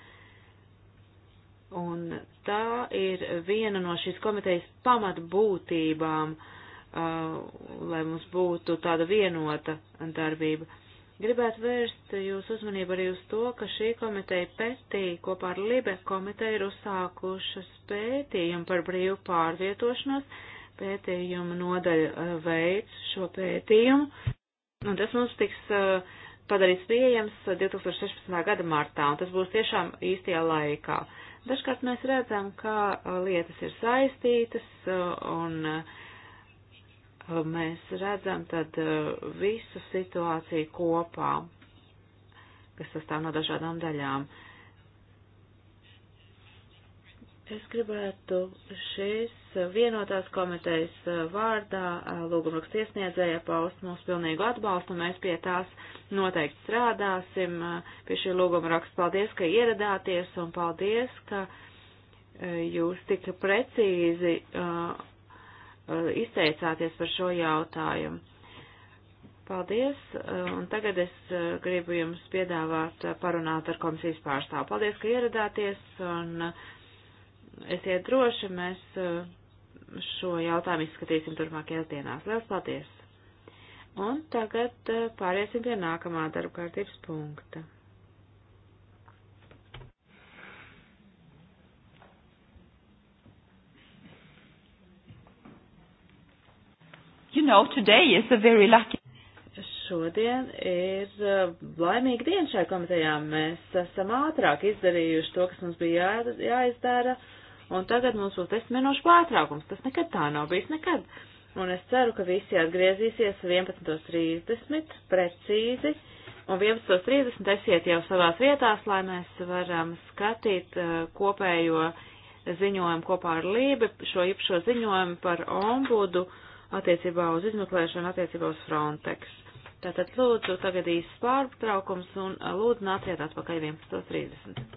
Un tā ir viena no šīs komitejas pamatbūtībām, uh, lai mums būtu tāda vienota darbība. Gribētu vērst jūsu uzmanību arī uz to, ka šī komiteja pētī kopā ar Libe komiteju ir uzsākušas pētījumu par brīvu pārvietošanos, pētījumu nodaļa uh, veids šo pētījumu. Un tas mums tiks uh, padarīts pieejams 2016. gada martā, un tas būs tiešām īstajā laikā. Uh, Dažkārt mēs redzam, kā lietas ir saistītas un mēs redzam tad visu situāciju kopā, kas sastāv no dažādām daļām. Es gribētu šīs vienotās komitejas eh, vārdā eh, lūgumraksta iesniedzēja paust mums pilnīgu atbalstu, un mēs pie tās noteikti strādāsim. Eh, pie šī lūgumraksta paldies, ka ieradāties, un paldies, ka jūs tik precīzi izteicāties par šo jautājumu. Paldies, un tagad es gribu jums piedāvāt parunāt ar komisijas pārstāvu. Paldies, ka ieradāties, un esiet droši, mēs šo jautājumu izskatīsim turpmākajās dienās. Lielas paldies! Un tagad eh, pāriesim pie nākamā darba kārtības punkta. You know, today is a very lucky šodien ir eh, laimīga diena šai komitejā. Mēs esam ātrāk izdarījuši to, kas mums bija jā, jāizdara, un tagad mums būs desmit minūšu pārtraukums. Tas nekad tā nav bijis nekad. Un es ceru, ka visi atgriezīsies 11.30 precīzi, un 11.30 esiet jau savās vietās, lai mēs varam skatīt eh, kopējo ziņojumu kopā ar Lībe, šo īpašo ziņojumu par ombudu attiecībā uz izmeklēšanu, attiecībā uz Frontex. Tātad lūdzu tagad īsts pārtraukums un eh, lūdzu nāciet atpakaļ 11.30.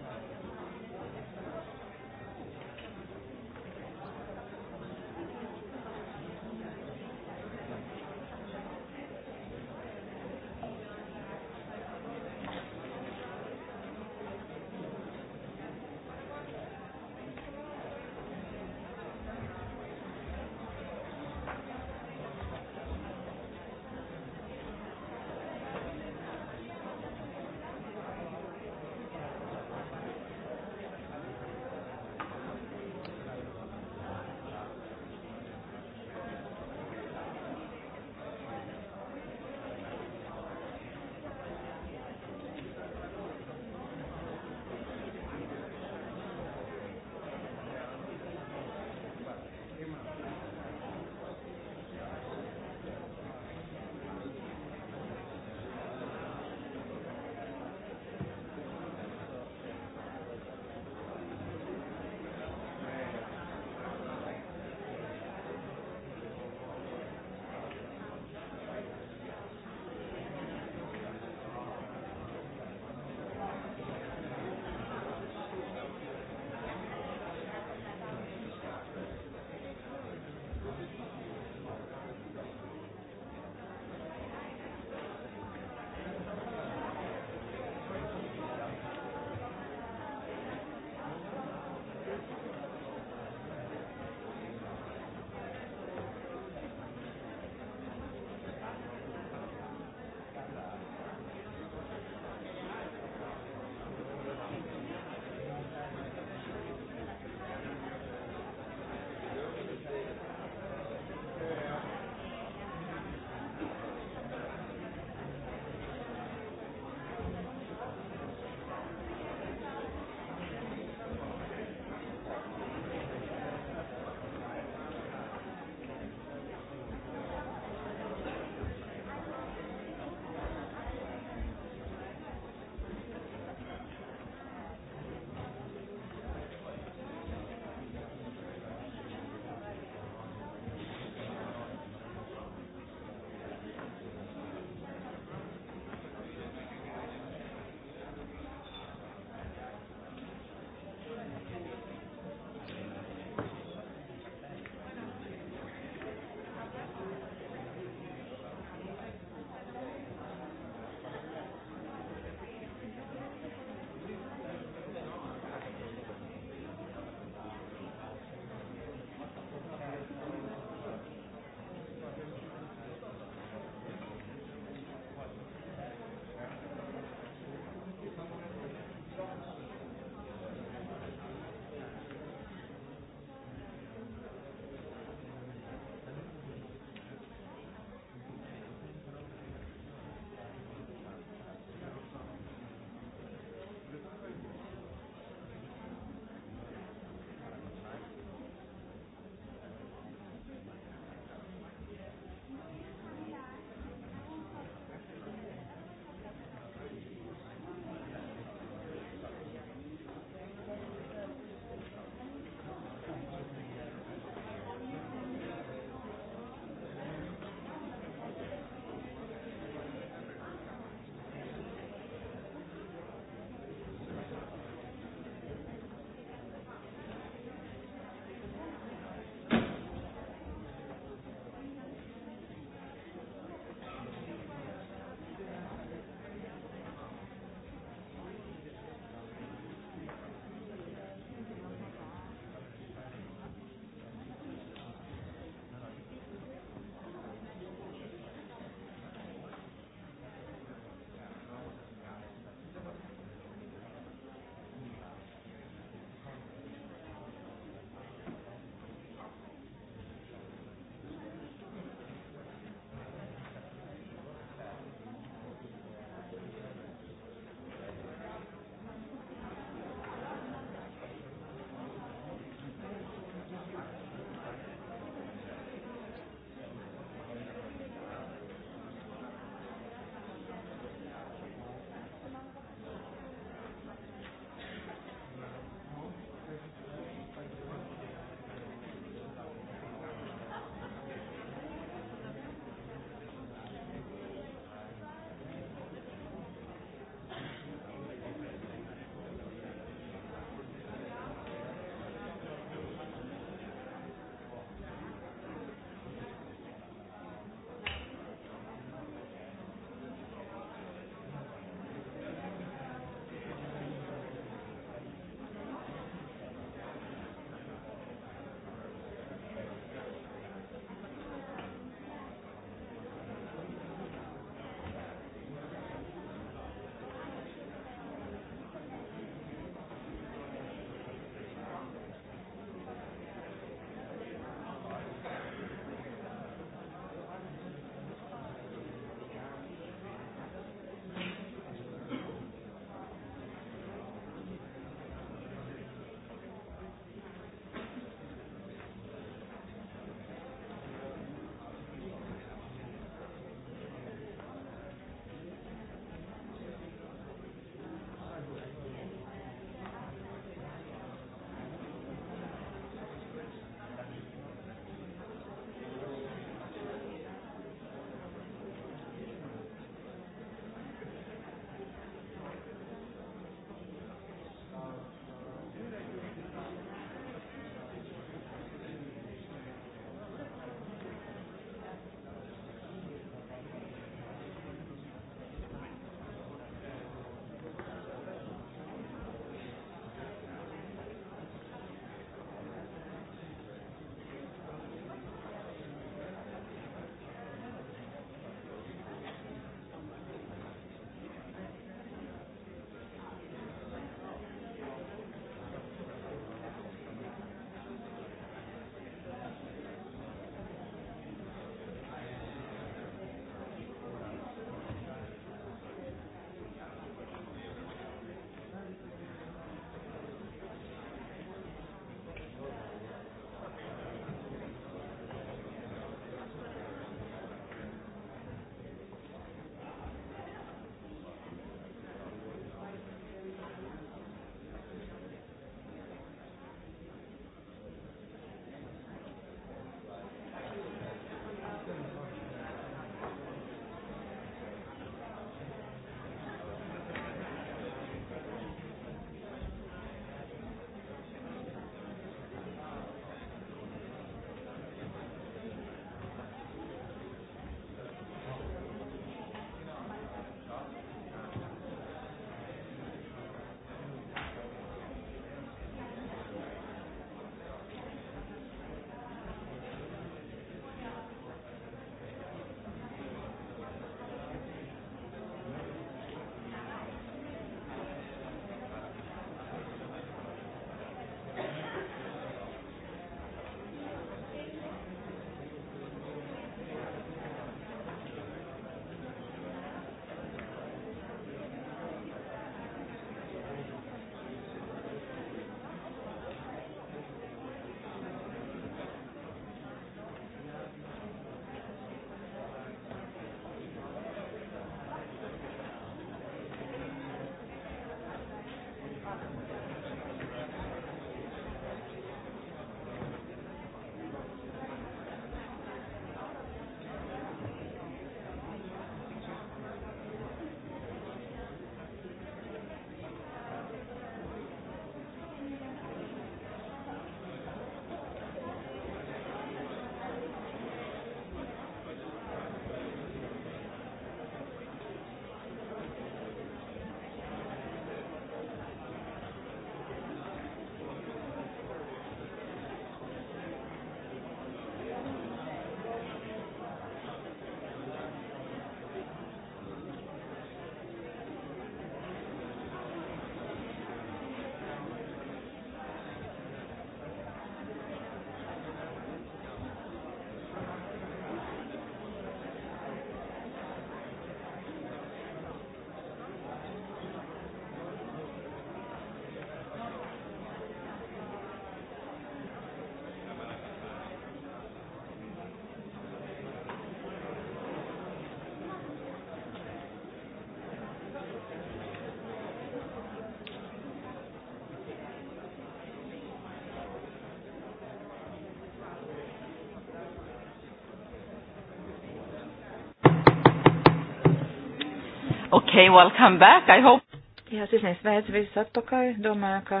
Okay, welcome back, I hope. Jā, sirsnīgs veids visus atpakaļ. Domāju, ka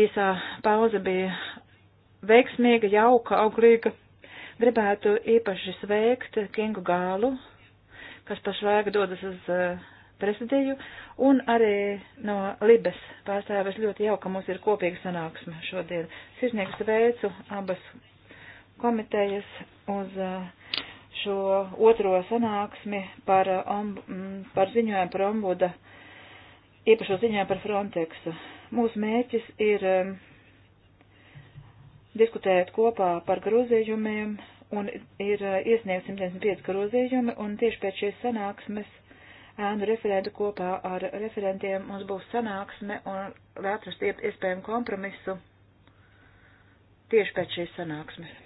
īsā pauze bija veiksmīga, jauka, auglīga. Gribētu īpaši sveikt Kingu Gālu, kas pašlaik dodas uz eh, prezidiju, un arī no Libes pārstāvis ļoti jauka mums ir kopīga sanāksme šodien. Sirsnīgs veicu abas komitejas uz uh, šo otro sanāksmi par, eh, om, mm, par ziņojumu par ombuda, īpašo ziņojumu par Frontex. Mūsu mērķis ir um, diskutēt kopā par grozījumiem un ir uh, eh, iesniegts 175 grozījumi un tieši pēc šīs sanāksmes ēnu referentu kopā ar referentiem mums būs sanāksme un lai atrastu iespējumu kompromisu tieši pēc šīs sanāksmes.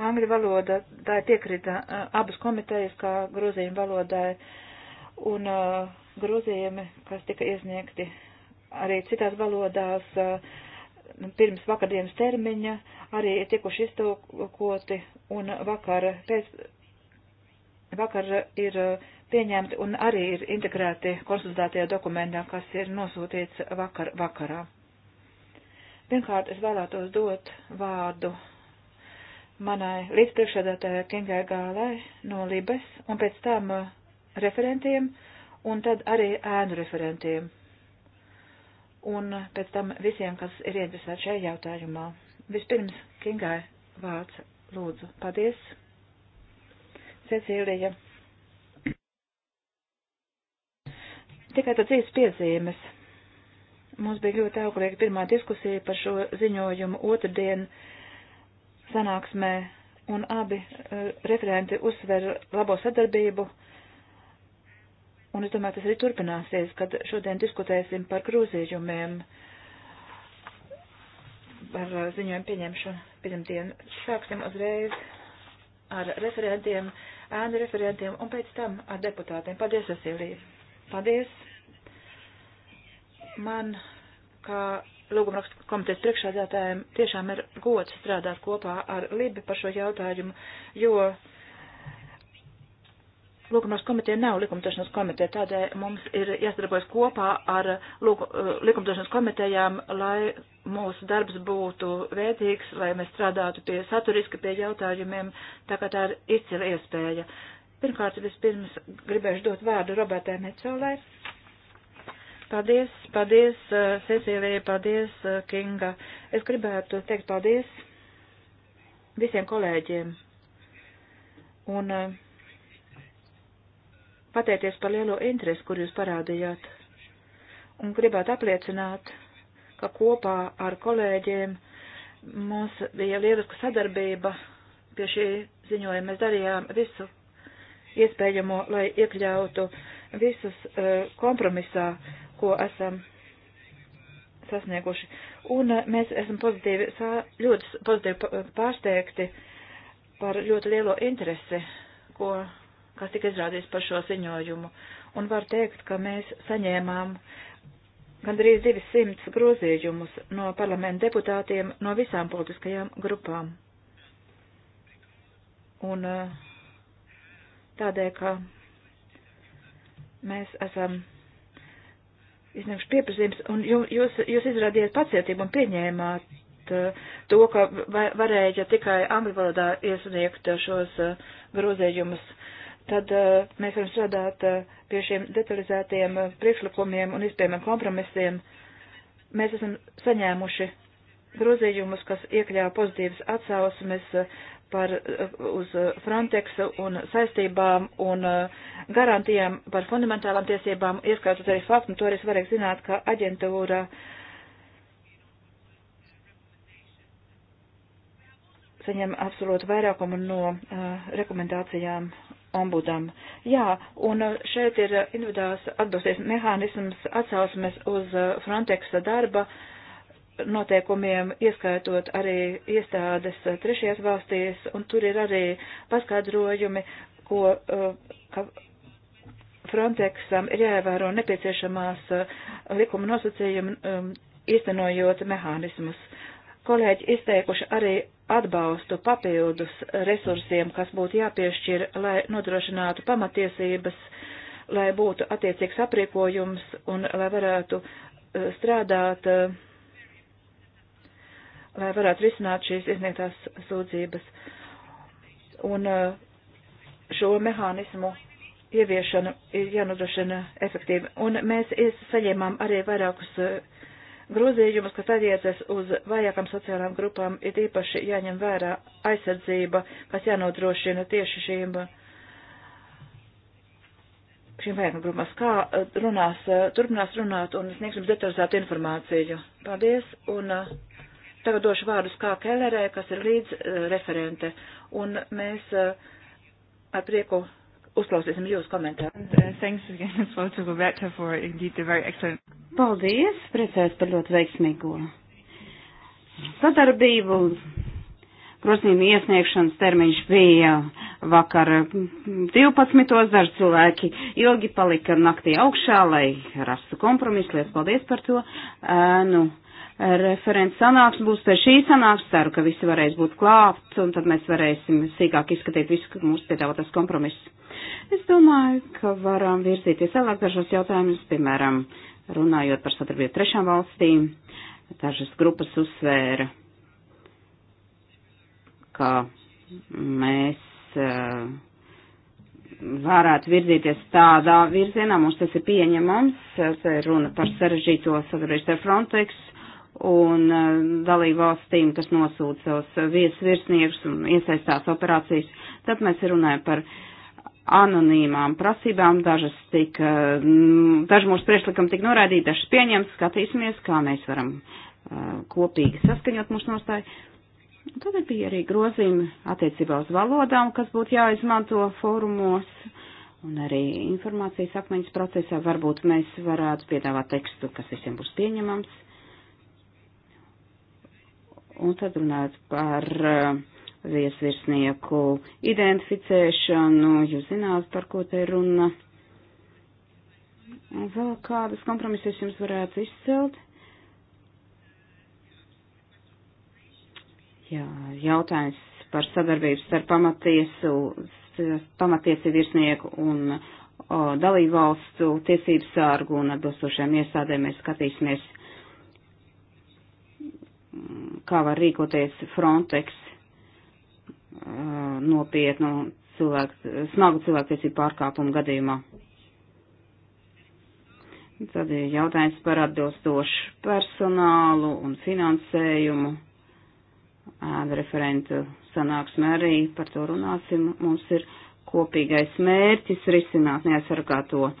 Angļu valoda, tā ir piekrita abas komitejas, kā grozījuma valodai, un grozījumi, kas tika iesniegti arī citās valodās pirms vakardienas termiņa, arī tikuši iztūkoti, un vakar, pēc, vakar ir pieņemti un arī ir integrēti konsultētajā dokumentā, kas ir nosūtīts vakar vakarā. Pirmkārt, es vēlētos dot vārdu manai līdzpriekšādātāja Kingai Gālai no Libes un pēc tam uh, referentiem un tad arī ēnu referentiem. Un uh, pēc tam visiem, kas ir ieinteresēti šajā jautājumā. Vispirms Kingai vārds lūdzu. Paldies. Cecīlija. Tikai tad dzīves piezīmes. Mums bija ļoti auglīga pirmā diskusija par šo ziņojumu otrdien. Uh, sanāksmē, un abi e, referenti uzsver labo sadarbību, un es domāju, tas arī turpināsies, kad šodien diskutēsim par grūzījumiem, par e, ziņojumu pieņemšanu pirmdienu. Sāksim uzreiz ar referentiem, ēnu referentiem un pēc tam ar deputātiem. Paldies, Vasilija! Paldies! Man, kā lūgumrakstu komitejas priekšsēdētājiem tiešām ir gods strādāt kopā ar Libi par šo jautājumu, jo lūgumrakstu komiteja nav likumdošanas komiteja, tādēļ mums ir jāsadarbojas kopā ar lūgu, uh, likumdošanas komitejām, lai mūsu darbs būtu vērtīgs, lai mēs strādātu pie saturiski pie jautājumiem, tā kā tā ir izcila iespēja. Pirmkārt, vispirms gribēšu dot vārdu Robertai Mecolai Paldies, paldies, eh, Cecīlija, paldies, eh, Kinga. Es gribētu teikt paldies visiem kolēģiem un eh, pateikties par lielo interesi, kur jūs parādījāt. Un gribētu apliecināt, ka kopā ar kolēģiem mums bija lieliska sadarbība pie šī ziņojuma. Mēs darījām visu iespējamo, lai iekļautu visus uh, kompromisā. Uh, ko esam sasnieguši. Un eh, mēs esam pozitīvi, ļoti pozitīvi eh, pārsteigti par ļoti lielo interesi, ko, kas tika izrādīts par šo ziņojumu. Un var teikt, ka mēs saņēmām gandrīz 200 grozījumus no parlamenta deputātiem no visām politiskajām grupām. Un eh, tādēļ, ka mēs esam izņemšu pieprasījums, un jūs, jūs izrādījāt pacietību un pieņēmāt eh, to, ka varēja tikai angļu valodā iesniegt šos eh, grozējumus. Tad eh, mēs varam strādāt pie šiem detalizētiem priekšlikumiem un izpējumiem kompromisiem. Mēs esam saņēmuši grozījumus, kas iekļāva pozitīvas atsauksmes par, uz Frontex un saistībām un uh, garantijām par fundamentālām tiesībām, ieskaitot arī faktu, un to arī svarīgi zināt, ka aģentūra saņem absolūtu vairākumu no uh, rekomendācijām ombudam. Jā, un uh, šeit ir individuāls atbilstības mehānisms atsaucmes uz uh, Frontex darba uh, noteikumiem, ieskaitot arī iestādes trešajās valstīs, un tur ir arī paskaidrojumi, ko, uh, ka Frontexam ir jāievēro nepieciešamās uh, likuma nosacījumi, um, īstenojot mehānismus. Kolēģi izteikuši arī atbalstu papildus resursiem, kas būtu jāpiešķir, lai nodrošinātu pamatiesības, lai būtu attiecīgs aprīkojums un lai varētu uh, strādāt uh, lai varētu risināt šīs izniegtās sūdzības. Un eh, šo mehānismu ieviešana ir jānodrošina efektīvi. Un mēs saņēmām arī vairākus eh, grozījumus, kas attiecas uz vajākām sociālām grupām, ir īpaši jāņem vērā aizsardzība, kas jānodrošina tieši šīm, šīm vajākām grupām. Kā eh, runās, turpinās runāt un sniegsim detalizētu informāciju. Paldies! Un, uh, Tagad došu vārdus kā Kellerē, kas ir līdz eh, referente, un mēs eh, ar prieku uzklausīsim jūsu komentāru. Eh, paldies, priecājos par ļoti veiksmīgo sadarbību. Grozījuma iesniegšanas termiņš bija vakar 12. daži cilvēki ilgi palika naktī augšā, lai rastu kompromisu. Liels paldies par to. Ēnu referents sanāks būs pēc šī sanāks, ceru, ka visi varēs būt klāt, un tad mēs varēsim sīkāk izskatīt visu mūsu piedāvātas kompromisus. Es domāju, ka varam virzīties vēlāk dažos jautājumus, piemēram, runājot par sadarbību trešām valstīm, dažas grupas uzsvēra, ka mēs eh, varētu virzīties tādā virzienā, mums tas ir pieņemams, runa par sarežģīto sadarbības ar Frontex, un eh, dalību valstīm, kas nosūta savus eh, viesvirsniekus un iesaistās operācijas. Tad mēs runājam par anonīmām prasībām, dažas tika, eh, daži mūsu priekšlikumi tika noraidīti, dažas pieņemts, skatīsimies, kā mēs varam kopīgi saskaņot mūsu nostāju. Tad bija arī grozījumi attiecībā uz valodām, kas būtu jāizmanto fórumos un arī informācijas apmaiņas procesā. Varbūt mēs varētu piedāvāt tekstu, kas visiem būs pieņemams. Un tad runāt par eh, viesvirsnieku identificēšanu, jūs zināt, par ko te runa. Un vēl kādas kompromises jums varētu izcelt? Jā, jautājums par sadarbību starp pamatiesu, pamatiesi virsnieku un o, eh, dalībvalstu tiesību sārgu un atbilstošiem iestādēm mēs skatīsimies kā var rīkoties Frontex nopietnu cilvēku, smagu cilvēktiesību pārkāpumu gadījumā. Tad ir jautājums par atbilstošu personālu un finansējumu. Ēnu referentu sanāksmē arī par to runāsim. Mums ir kopīgais mērķis risināt neaizsargāto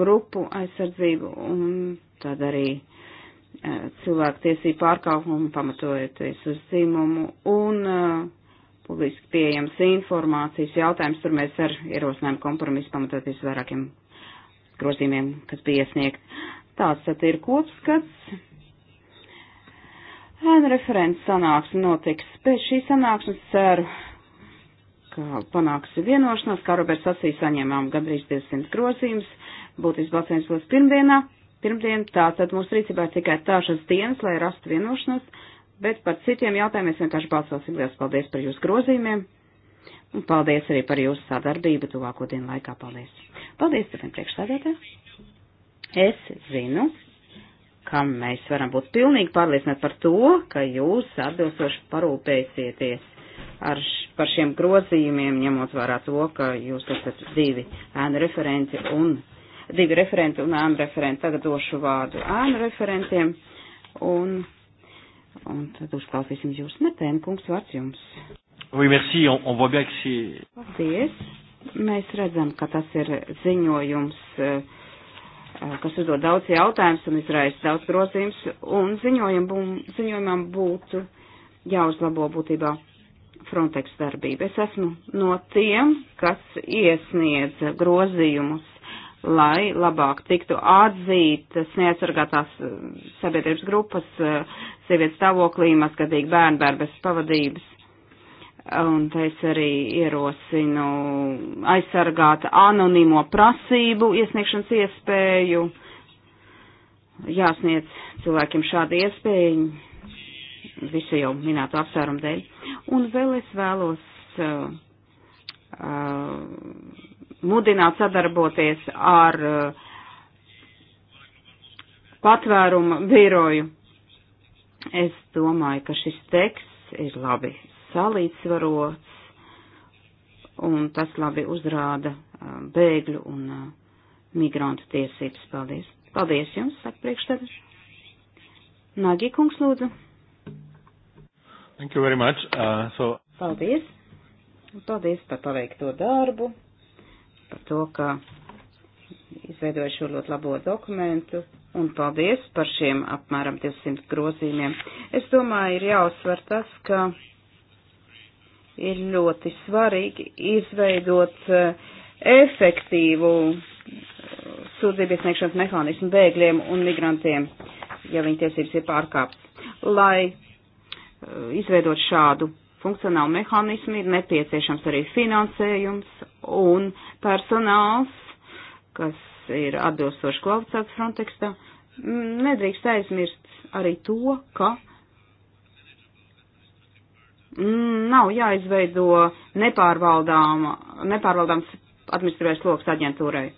grupu aizsardzību un tad arī uh, Eh, cilvēku tiesību pārkāpumu pamatojoties uz dzimumu un uh, publiski pieejams informācijas jautājums. Tur mēs ar ierosinājumu kompromisu pamatoties vairākiem grozījumiem, kas bija iesniegt. Tāds tad ir kopskats. Ēna referents sanāksme notiks pēc šīs sanāksmes ceru, ka panāks vienošanos, kā Roberts sacīja, saņēmām gandrīz 200 grozījumus, būtībā atsēns būs pirmdienā pirmdienu, tā tad mūsu rīcībā ir tikai tāšas dienas, lai rastu vienošanos, bet par citiem jautājumiem vienkārši balsosim. Lielas paldies par jūsu grozījumiem un paldies arī par jūsu sadarbību tuvāko dienu laikā. Paldies! Paldies, Stefan priekšsādētā! Es zinu, ka mēs varam būt pilnīgi pārliecināti par to, ka jūs atbilstoši parūpēsieties ar, par šiem grozījumiem, ņemot vērā to, ka jūs esat divi ēnu referenti un divi referenti un ēnu referenti. Tagad došu vārdu ēnu referentiem un, un tad uzklausīsim jūs. Metēna kungs, vārds jums. Oui, merci, on, on voit bien que c'est. Paldies. Mēs redzam, ka tas ir ziņojums, eh, kas uzdod daudz jautājumus un izraisa daudz grozījums, un ziņojumam būtu jāuzlabo būtībā Frontex darbība. Es esmu no tiem, kas iesniedz grozījumus lai labāk tiktu atzītas neaizsargātās eh, sabiedrības grupas, eh, sievietes stāvoklī, mazgadīgi bērni, bērni bez pavadības. Un te es arī ierosinu aizsargāt anonīmo prasību iesniegšanas iespēju. Jāsniedz cilvēkiem šādi iespēja visu jau minēto apsvērumu dēļ. Un vēl es vēlos uh, uh, mudināt sadarboties ar uh, patvērumu biroju. Es domāju, ka šis teksts ir labi salīdzvarots un tas labi uzrāda uh, bēgļu un uh, migrantu tiesības. Paldies! Paldies jums, saka priekšstādājs. Nagi kungs, lūdzu. Thank you very much. Uh, so... Paldies. Paldies par paveikto darbu par to, ka izveidoju šo ļoti labo dokumentu. Un paldies par šiem apmēram 200 grozījumiem. Es domāju, ir jāuzsver tas, ka ir ļoti svarīgi izveidot eh, efektīvu eh, sūdzības sniegšanas mehānismu bēgļiem un migrantiem, ja viņu tiesības ir pārkāptas, lai eh, izveidot šādu funkcionāli mehānismi, ir nepieciešams arī finansējums un personāls, kas ir atbilstoši kvalificēts Frontextā. Mm, nedrīkst aizmirst arī to, ka mm, nav jāizveido nepārvaldāms administratīvais sloks aģentūrai.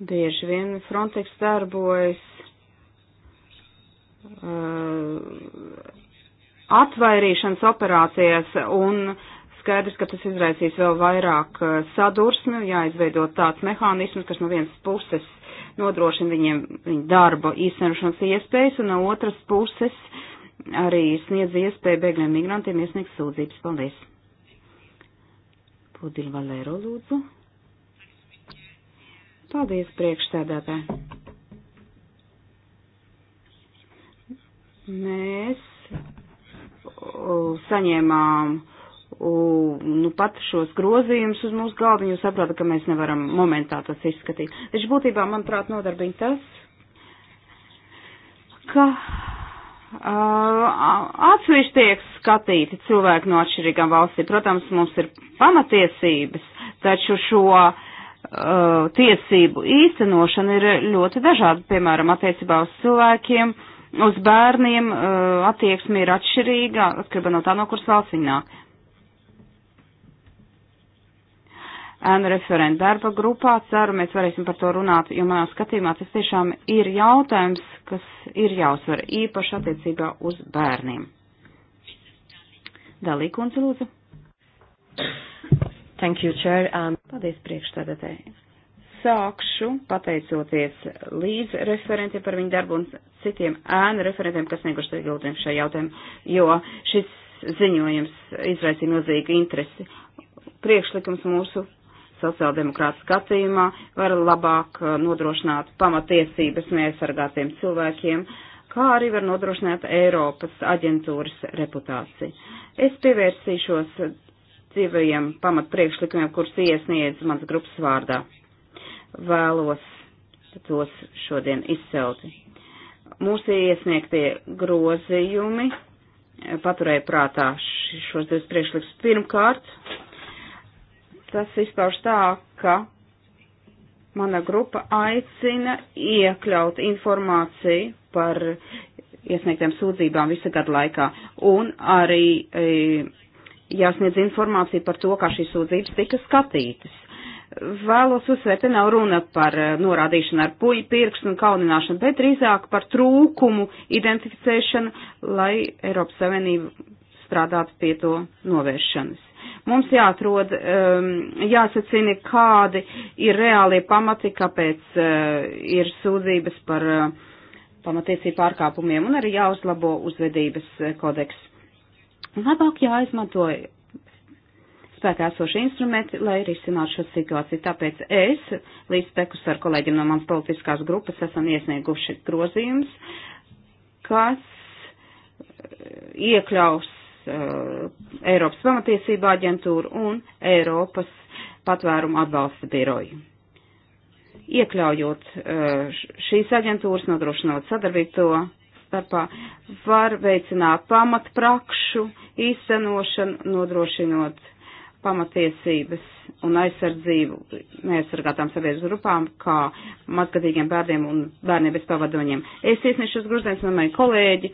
Bieži vien Frontex darbojas Uh, atvairīšanas operācijas un skaidrs, ka tas izraisīs vēl vairāk uh, sadursmi, jāizveido tāds mehānisms, kas no vienas puses nodrošina viņiem viņu darba īstenošanas iespējas un no otras puses arī sniedz iespēju bēgļiem migrantiem iesniegt sūdzības. Paldies! Pudil Valero lūdzu. Paldies, priekšsēdētāji! Mēs saņēmām nu, pat šos grozījumus uz mūsu galdu, jūs saprotat, ka mēs nevaram momentā tas izskatīt. Taču būtībā, manuprāt, nodarbina tas, ka uh, atsevišķi tiek skatīti cilvēki no atšķirīgām valstīm. Protams, mums ir pamatiesības, taču šo uh, tiesību īstenošana ir ļoti dažāda, piemēram, attiecībā uz cilvēkiem, uh, uz bērniem uh, attieksme ir atšķirīga, atkarībā no tā, no kuras valsts viņi nāk. Ēnu referentu darba grupā ceru, mēs varēsim par to runāt, jo manā skatījumā tas tiešām ir jautājums, kas ir jāuzsver īpaši attiecībā uz bērniem. Dalī kundze, lūdzu. Thank you, Chair. Um, paldies priekšstādātājiem sākšu pateicoties līdz referentiem par viņu darbu un citiem ēnu referentiem, kas snieguši ieguldījumu šajā jautājumā, jo šis ziņojums izraisīja milzīgu interesi. Priekšlikums mūsu sociāldemokrāta skatījumā var labāk uh, nodrošināt pamatiesības neaizsargātiem cilvēkiem, kā arī var nodrošināt Eiropas aģentūras reputāciju. Es pievērsīšos diviem pamatpriekšlikumiem, kurus iesniedz mans grupas vārdā vēlos tos šodien izcelt. Mūsu iesniegtie grozījumi paturēja prātā šos divus priekšlikus. Pirmkārt, tas izpauž tā, ka mana grupa aicina iekļaut informāciju par iesniegtiem sūdzībām visu gadu laikā un arī e, jāsniedz informācija par to, kā šīs sūdzības tika skatītas vēlos uzsvērt, te nav runa par eh, norādīšanu ar puļu pirkstu un kaunināšanu, bet drīzāk par trūkumu identificēšanu, lai Eiropas Savienība strādātu pie to novēršanas. Mums jāatrod, ehm, jāsacina, kādi ir reālie pamati, kāpēc eh, ir sūdzības par eh, pamatiesību pārkāpumiem un arī jāuzlabo uzvedības kodeks. Labāk jāizmanto spēkā esoši instrumenti, lai risinātu šo situāciju. Tāpēc es, līdz tekus ar kolēģiem no manas politiskās grupas, esam iesnieguši grozījums, kas eh, iekļaus uh, Eiropas pamatiesība aģentūru un Eiropas patvērumu atbalsta biroju. Iekļaujot uh, šīs aģentūras, nodrošinot sadarbību to starpā, var veicināt pamatprakšu īstenošanu, nodrošinot uh, pamatiesības un aizsardzību neaizsargātām sabiedrības grupām, kā mazgadīgiem bērniem un bērniem bez pavadoņiem. Es iesniešu uz grūzdienas no mani kolēģi.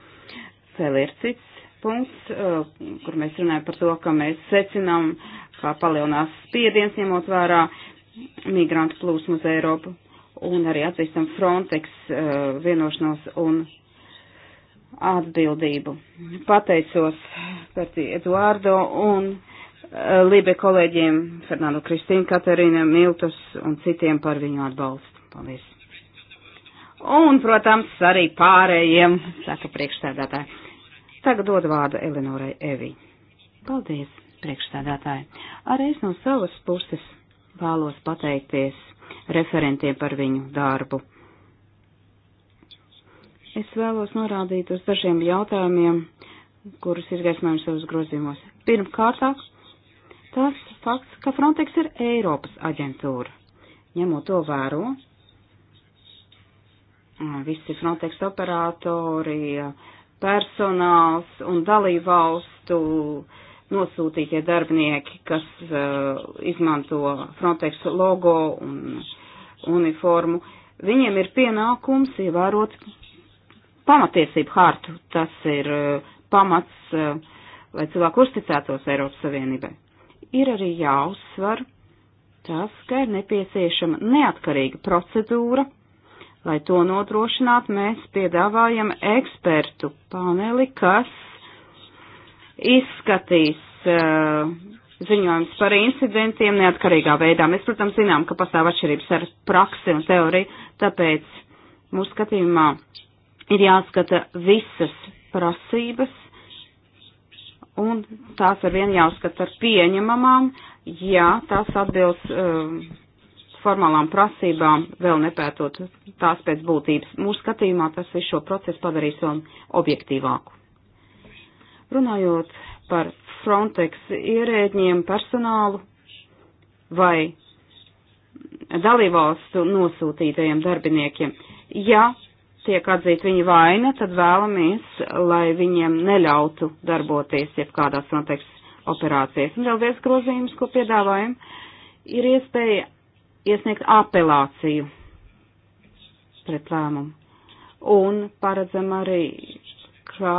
Vēl ir cits punkts, eh, kur mēs runājam par to, ka mēs secinām, kā palielinās spiediens ņemot vērā migrantu plūsmu uz Eiropu un arī atzīstam Frontex eh, vienošanos un atbildību. Pateicos par Eduārdo un Eh, Lībe kolēģiem Fernando Kristīnu, Katerīnu Miltus un citiem par viņu atbalstu. Paldies. Un, protams, arī pārējiem, saka priekšstādātāji. Tagad dod vārdu Elinorai Evi. Paldies, priekšstādātāji. Arī es no savas puses vēlos pateikties referentiem par viņu darbu. Es vēlos norādīt uz dažiem jautājumiem, kurus izgaismojam savus grozījumos. Pirmkārtāk, tas fakts, ka Frontex ir Eiropas aģentūra. Ņemot to vēro, visi Frontex operatori, personāls un dalībvalstu nosūtītie darbinieki, kas uh, izmanto Frontex logo un uniformu, viņiem ir pienākums ievērot pamatiesību hartu. Tas ir uh, pamats, uh, lai cilvēku uzticētos Eiropas Savienībai ir arī jāuzsver tas, ka ir nepieciešama neatkarīga procedūra. Lai to nodrošinātu, mēs piedāvājam ekspertu paneli, kas izskatīs uh, ziņojums par incidentiem neatkarīgā veidā. Mēs, protams, zinām, ka pastāv atšķirības ar praksi un teoriju, tāpēc mūsu skatījumā ir jāskata visas prasības, un tās ar vienu jāuzskata par pieņemamām, ja tās atbilst um, formālām prasībām, vēl nepētot tās pēc būtības. Mūsu skatījumā tas visu šo procesu padarīs vēl objektīvāku. Runājot par Frontex ierēģiem personālu vai dalībvalstu nosūtītajiem darbiniekiem, ja tiek atzīta viņa vaina, tad vēlamies, lai viņiem neļautu darboties jebkādās noteikts operācijas. Un vēl viens grozījums, ko piedāvājam, ir iespēja iesniegt apelāciju pret lēmumu. Un paredzam arī, ka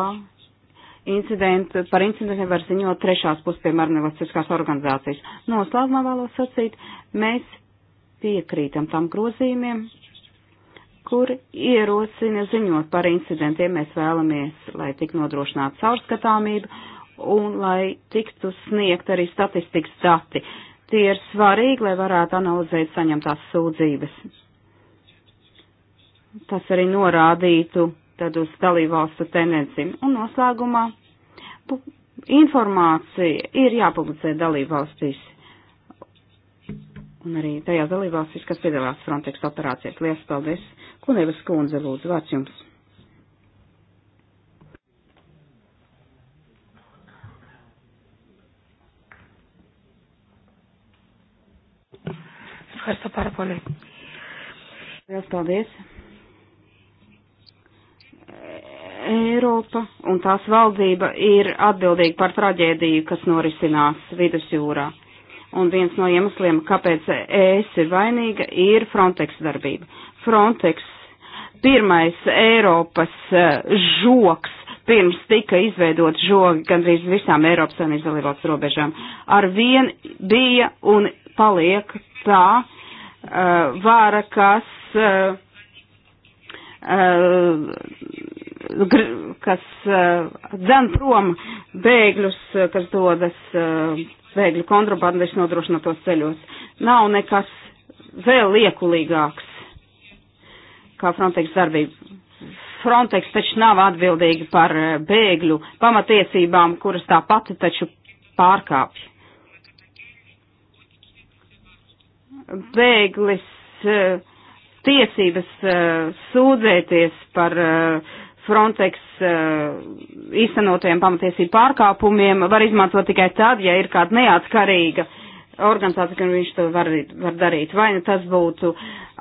incidentu, par incidentiem var ziņot trešās puses, piemēram, nevalstiskās organizācijas. Noslēgumā vēlos sacīt, mēs piekrītam tam grozījumiem, kur ierosina ziņot par incidentiem. Mēs vēlamies, lai tik nodrošinātu caurskatāmību un lai tiktu sniegt arī statistikas dati. Tie ir svarīgi, lai varētu analizēt saņemtās sūdzības. Tas arī norādītu tad uz dalībvalstu tendenciju. Un noslēgumā informācija ir jāpublicē dalībvalstīs un arī tajās dalībvalstīs, kas piedalās Frontex operācijas. Lielas paldies! Kunevas kundze, lūdzu, vārds jums! Ευχαριστώ πάρα πολύ. Liels paldies! Eiropa un tās valdība ir atbildīga par traģēdiju, kas norisinās vidusjūrā. Un viens no iemesliem, kāpēc ES ir vainīga, ir Frontex darbība. Frontex pirmais Eiropas eh, žoks pirms tika izveidot žogi gandrīz visām Eiropas Savienības dalībvalsts robežām, ar vien bija un paliek tā uh, vāra, kas uh, uh, kas eh, dzen prom bēgļus, eh, kas dodas eh, bēgļu kontrabandas nodrošinātos ceļos. Nav nekas vēl liekulīgāks kā Frontex darbība. Frontex taču nav atbildīga par bēgļu pamatiesībām, kuras tā pati taču pārkāpj. Bēglis tiesības sūdzēties par uh, Frontex uh, īstenotajiem pamatiesību pārkāpumiem var izmantot tikai tad, ja ir kāda neatkarīga organizācija, ka viņš to var, var darīt. Vai nu tas būtu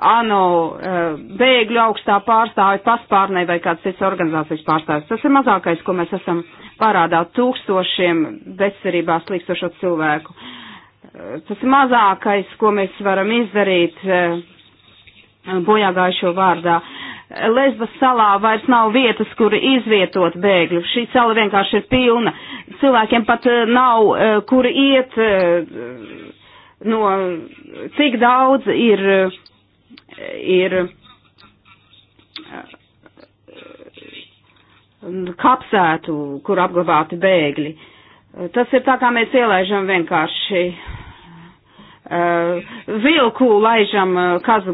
ANO uh, bēgļu augstā pārstāvja paspārnē vai kāds cits organizācijas pārstāvis. Tas ir mazākais, ko mēs esam parādā tūkstošiem bezcerībā slīkstošo cilvēku. Uh, tas ir mazākais, ko mēs varam izdarīt bojāgājušo vārdā. Uh, Lesbas salā vairs nav vietas, kur izvietot bēgļu. Šī sala vienkārši ir pilna. Cilvēkiem pat eh, nav, eh, kur iet, eh, no cik daudz ir, ir kapsētu, kur apglabāti bēgļi. Tas ir tā, kā mēs ielaižam vienkārši Eh, vilku laižam eh, kazu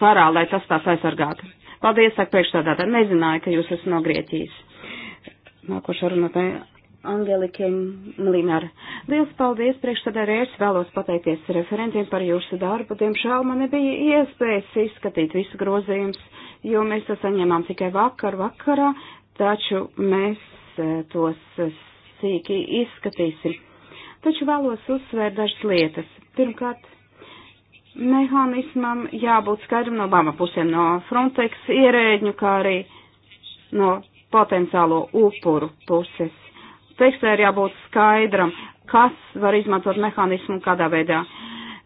parā, lai tas tās aizsargātu. Paldies, saka priekšstādātāji. Nezināju, ka jūs esat no Grieķijas. Nākošā runātāja Angelikai Mlināra. Liels paldies, priekšstādātāji. Es vēlos pateikties referentiem par jūsu darbu. Diemžēl man nebija iespējas izskatīt visu grozījumus, jo mēs to saņēmām tikai vakar vakarā, taču mēs eh, tos sīki izskatīsim. Taču vēlos uzsvērt dažas lietas. Pirmkārt, mehānismam jābūt skaidram no abām pusēm, no Frontex ierēģņu, kā arī no potenciālo upuru puses. Tekstē ir jābūt skaidram, kas var izmantot mehānismu un kādā veidā.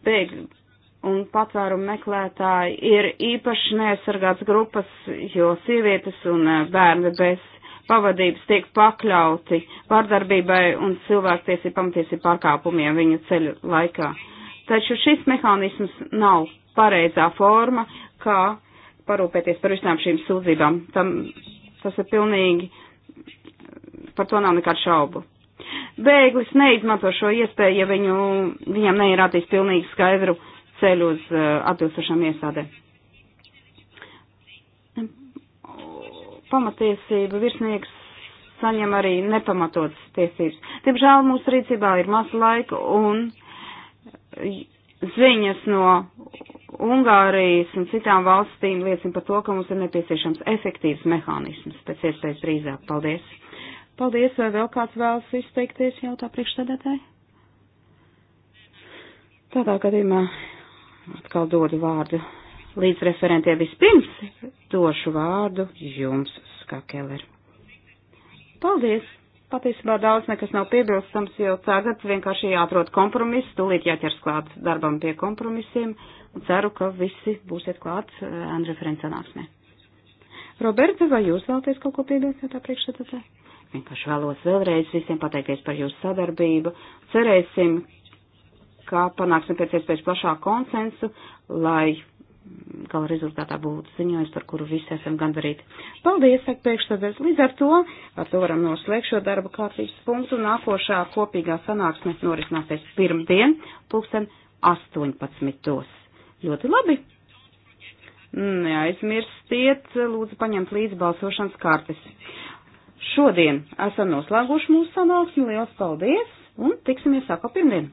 Bēgļu un patvērumu meklētāji ir īpaši neaizsargāts grupas, jo sievietes un eh, bērni bez pavadības tiek pakļauti vardarbībai un cilvēktiesību pamatiesību pārkāpumiem viņu ceļu laikā. Taču šis mehānisms nav pareizā forma, kā parūpēties par visām šīm sūdzībām. Tam, tas ir pilnīgi, par to nav nekādu šaubu. Bēglis neizmanto šo iespēju, ja viņu, viņam neierādīs pilnīgi skaidru ceļu uz uh, atbilstošām iestādēm. Pamatiesība virsnieks saņem arī nepamatotas tiesības. Diemžēl mūsu rīcībā ir maz laika un uh, ziņas no Ungārijas un citām valstīm liecina par to, ka mums ir nepieciešams efektīvs mehānisms pēc iespējas drīzāk. Paldies! Paldies, vai vēl kāds vēlas izteikties jautā priekšsēdētāji? Tādā gadījumā atkal dodu vārdu līdz referentiem. Vispirms došu vārdu jums, Skakeler. Paldies! Patiesībā daudz nekas nav piebilstams, jo tagad vienkārši jāatrod kompromiss, tūlīt jāķers klāt darbam pie kompromisiem un ceru, ka visi būsiet klāt eh, Andra Ferencanāksmē. Roberta, vai jūs vēlaties kaut ko piebilst no tā priekšsatatā? Vienkārši vēlos vēlreiz visiem pateikties par jūsu sadarbību. Cerēsim, ka panāksim pēc iespējas plašāku konsensu, lai gala rezultātā būtu ziņojums, par kuru visi esam gandarīti. Paldies, saka priekšsēdēs. Līdz ar to, ar to varam noslēgt šo darba kārtības punktu. Nākošā kopīgā sanāksme norisināsies pirmdien, pulksten 18. Ļoti labi! Neaizmirstiet, lūdzu, paņemt līdzi balsošanas kartes. Šodien esam noslēguši mūsu sanāksmi. Liels paldies! Un tiksimies sākā pirmdien!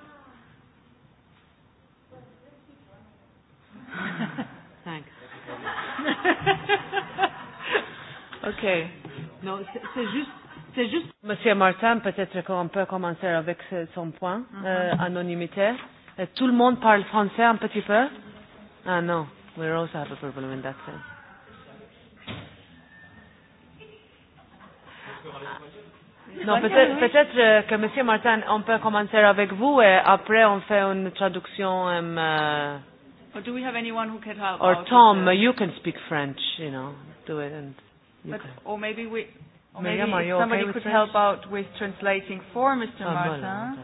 Ok. Non, c'est juste. C'est juste. Monsieur Martin, peut-être qu'on peut commencer avec son point, mm -hmm. euh, anonymité. Euh, tout le monde parle français un petit peu Ah non, we also have a problem in that sense. Ah. Non, peut-être peut, -être, peut -être que Monsieur Martin, on peut commencer avec vous et après on fait une traduction. Um, euh, Or do we have anyone who can help? Or Tom, the... you can speak French, you know, do it and. But, or maybe we, or maybe Miriam, if somebody okay could help this? out with translating for Mr. Ah, Martin.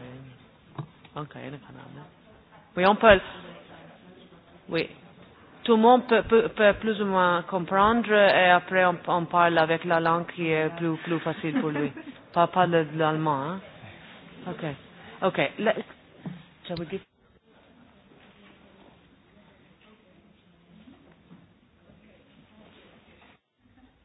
Anka jena kanamna. Oui, on peut. Oui. Tout le monde peut, peut, peut plus ou moins comprendre et après on, on parle avec la langue qui est plus, plus facile pour lui. [laughs] pas pas l'allemand. Hein? Ok. Ok. Let, shall we give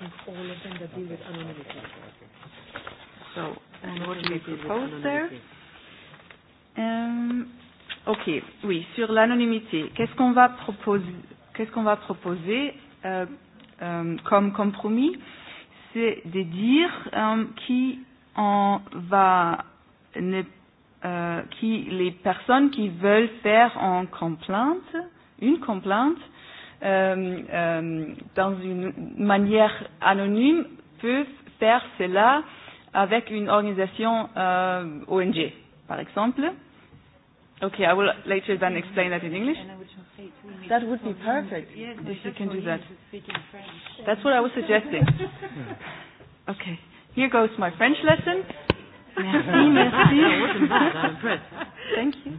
and all of them that deal with anonymity. So, and what do we propose there? Um, ok, oui, sur l'anonymité, qu'est-ce qu'on va proposer, qu'est-ce qu'on va proposer euh, euh, comme compromis C'est de dire euh, qui on va ne, euh, qui les personnes qui veulent faire une complainte, une complainte, euh, euh, dans une manière anonyme peuvent faire cela avec une organisation euh, ONG, par exemple. Okay, I will later then explain that in English. That would be perfect yes, if you can do that. That's what I was suggesting. okay, here goes my French lesson. [laughs] Merci, merci. Thank you.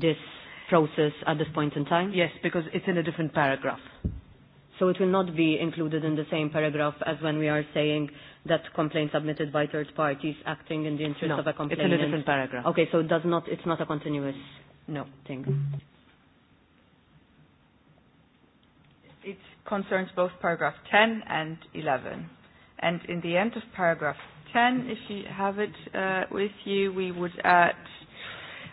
this process at this point in time? Yes, because it's in a different paragraph. So it will not be included in the same paragraph as when we are saying that complaints submitted by third parties acting in the interest no, of a complainant. it's in a different paragraph. Okay, so it does not, it's not a continuous no. thing. It concerns both paragraph 10 and 11. And in the end of paragraph 10, if you have it uh, with you, we would add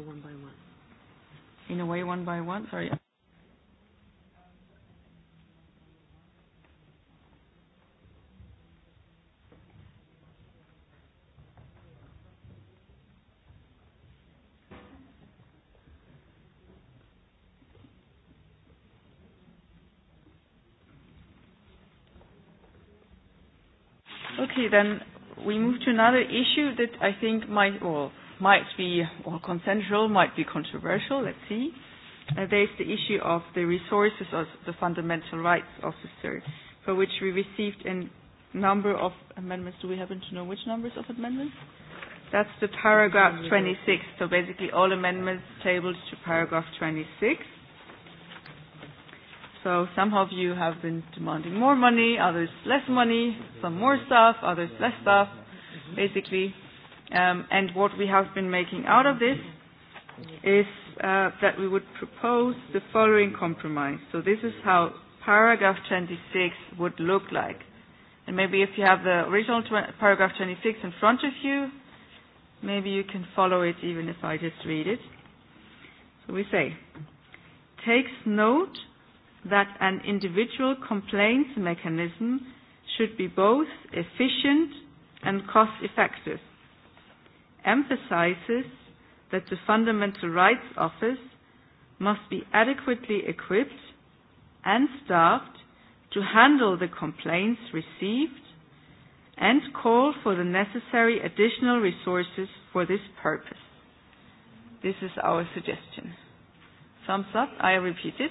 or one by one? In a way, one by one? Sorry. Okay, then we move to another issue that I think might, well, might be or consensual, might be controversial, let's see. Uh, there is the issue of the resources of the fundamental rights officer, for which we received a number of amendments. Do we happen to know which numbers of amendments? That's the paragraph 26. So basically all amendments tabled to paragraph 26. So some of you have been demanding more money, others less money, some more stuff, others less stuff. Basically, Um, and what we have been making out of this is uh, that we would propose the following compromise. So this is how paragraph 26 would look like. And maybe if you have the original tw- paragraph 26 in front of you, maybe you can follow it even if I just read it. So we say, takes note that an individual complaints mechanism should be both efficient and cost effective emphasizes that the Fundamental Rights Office must be adequately equipped and staffed to handle the complaints received and call for the necessary additional resources for this purpose. This is our suggestion. Thumbs up, I repeat it.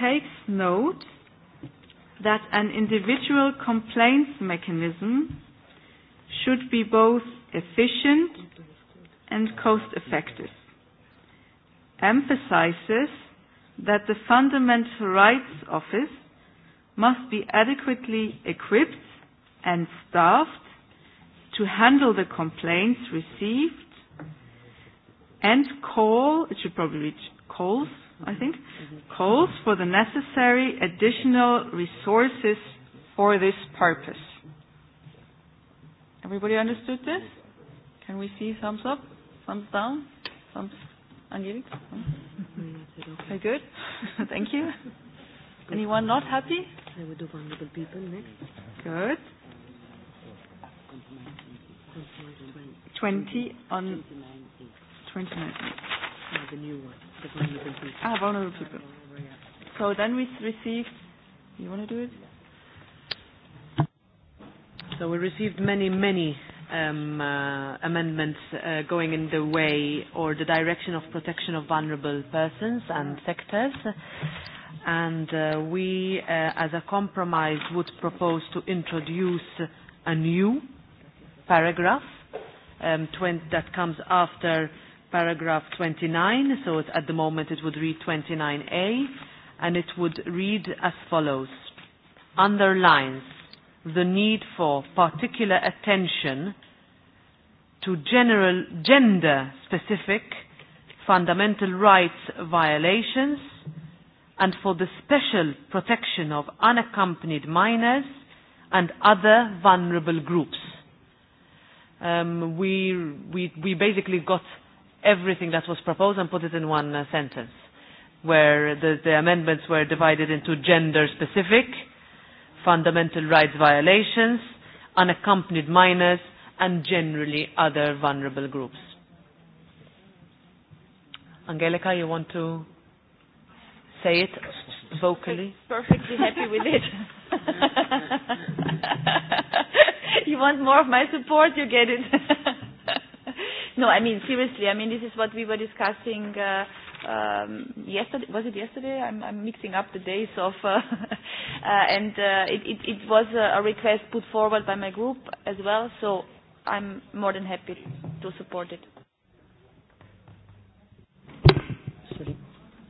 Takes note that an individual complaints mechanism should be both efficient and cost effective, emphasizes that the Fundamental Rights Office must be adequately equipped and staffed to handle the complaints received and call, it should probably reach calls, I think, calls for the necessary additional resources for this purpose. Everybody understood this? Can we see thumbs up, thumbs down, thumbs, Angelique? Very [laughs] good. [laughs] Thank you. Anyone not happy? I would do vulnerable people next. Good. 20 on 29. No, ah, the new one, the vulnerable people. Ah, vulnerable people. So then we received, you want to do it? Yeah. So we received many, many um, uh, amendments uh, going in the way or the direction of protection of vulnerable persons and sectors. And uh, we, uh, as a compromise, would propose to introduce a new paragraph um, 20, that comes after paragraph 29. So it, at the moment it would read 29A, and it would read as follows. Underlines the need for particular attention to general gender specific fundamental rights violations and for the special protection of unaccompanied minors and other vulnerable groups. Um, we, we, we basically got everything that was proposed and put it in one uh, sentence, where the, the amendments were divided into gender specific, fundamental rights violations, unaccompanied minors, and generally other vulnerable groups. Angelica, you want to say it vocally? Perfectly happy with it. [laughs] you want more of my support, you get it. [laughs] no, I mean, seriously, I mean, this is what we were discussing. Uh, um, yesterday was it yesterday? I'm, I'm mixing up the days of, uh, [laughs] uh, and uh, it, it, it was a request put forward by my group as well. So I'm more than happy to support it. Sorry.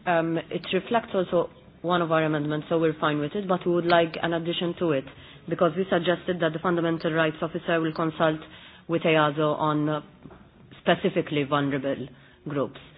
Um, it reflects also one of our amendments, so we're fine with it, but we would like an addition to it because we suggested that the Fundamental Rights Officer will consult with EASO on uh, specifically vulnerable groups. Uh,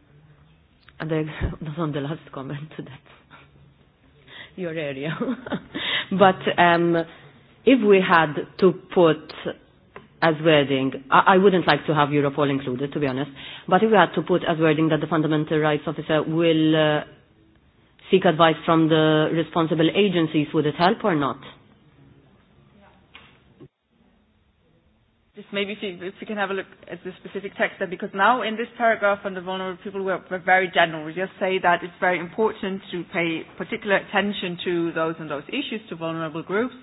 and I, on the last comment to that your area. [laughs] but um, if we had to put as wording, I, I wouldn't like to have Europol included, to be honest, but if we had to put as wording that the fundamental rights officer will uh, seek advice from the responsible agencies, would it help or not? Just maybe if, you, if we can have a look at the specific text then, because now in this paragraph on the vulnerable people, we're, we're very general. We just say that it's very important to pay particular attention to those and those issues, to vulnerable groups.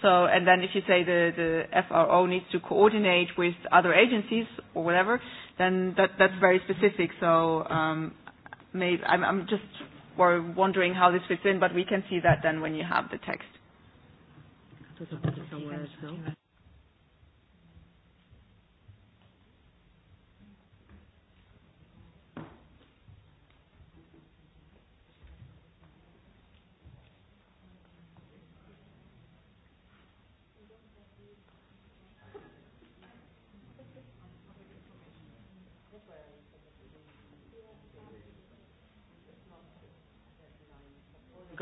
So, and then if you say the, the FRO needs to coordinate with other agencies or whatever, then that, that's very specific. So um, maybe I'm, I'm just wondering how this fits in, but we can see that then when you have the text.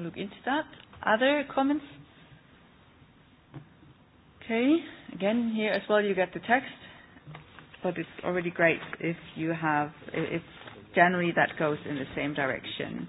We'll look into that. Other comments? Okay. Again, here as well, you get the text, but it's already great if you have, it's generally that goes in the same direction.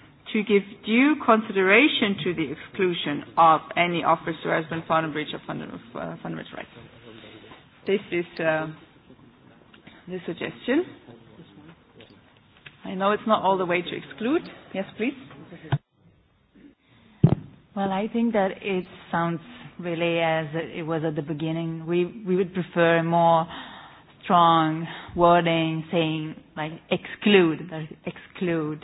to give due consideration to the exclusion of any offers who has been found in breach of uh, fundamental rights. This is uh, the suggestion. I know it's not all the way to exclude. Yes, please. Well, I think that it sounds really as it was at the beginning. We we would prefer more strong wording saying like exclude, exclude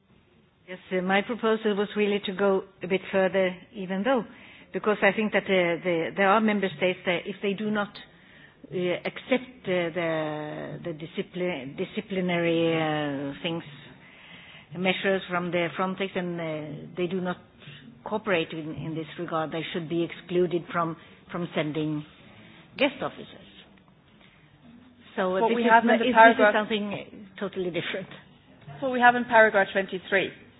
Yes, uh, my proposal was really to go a bit further, even though, because I think that uh, the, there are member states that if they do not uh, accept uh, the, the discipline, disciplinary uh, things, measures from the Frontex, and uh, they do not cooperate in, in this regard, they should be excluded from, from sending guest officers. So what this we is, have in the is, paragraph, this is something totally different. That's what we have in paragraph 23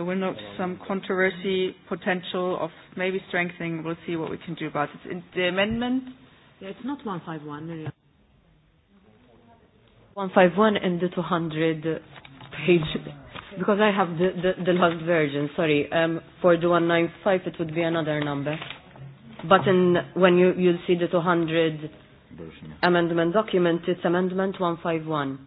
there will not some controversy potential of maybe strengthening. We'll see what we can do about it. In the amendment? Yeah, it's not 151. Really. 151 and the 200 page. Because I have the, the, the last version, sorry. Um, for the 195, it would be another number. But in, when you, you'll see the 200 version. amendment document, it's amendment 151.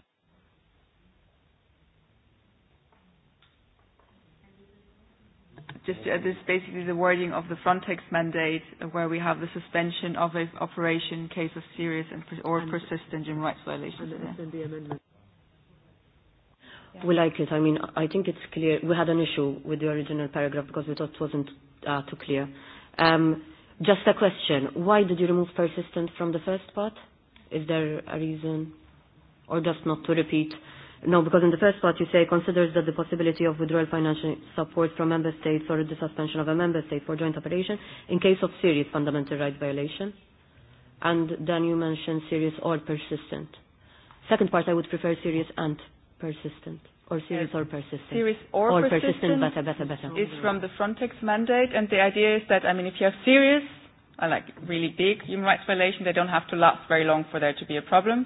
just uh, this is basically the wording of the Frontex mandate, uh, where we have the suspension of an operation in case of serious and pers- or and persistent human rights violations. And, and the amendment. Yeah. We like it. I mean, I think it's clear. We had an issue with the original paragraph because we thought it wasn't uh, too clear. Um, just a question. Why did you remove persistent from the first part? Is there a reason? Or just not to repeat? Uh, No, because in the first part you say considers that the possibility of withdrawal financial support from member states or the suspension of a member state for joint operation in case of serious fundamental rights violation. And then you mention serious or persistent. Second part, I would prefer serious and persistent. Or serious yes. or persistent. Serious or, or persistent, persistent. Better, better, better. Is from the Frontex mandate, and the idea is that I mean, if you have serious, uh, like really big human rights violation, they don't have to last very long for there to be a problem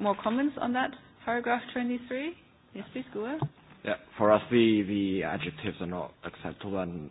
more comments on that paragraph 23? Yes, please, Gua. Yeah, for us the, the adjectives are not acceptable and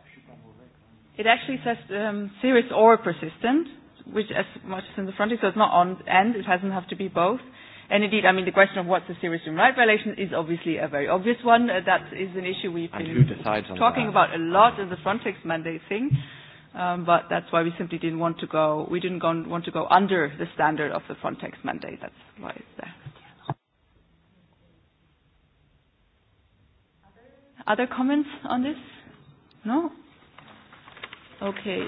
It actually says um, serious or persistent, which as much as in the fronting, so it's not on and, it doesn't have to be both. And indeed, I mean, the question of what's a serious human rights violation is obviously a very obvious one. Uh, that is an issue we've and been talking that? about a lot in the Frontex mandate thing. Um, but that's why we simply didn't want to go, we didn't go, want to go under the standard of the Frontex mandate. That's why it's there. Other comments on this? No? Okay.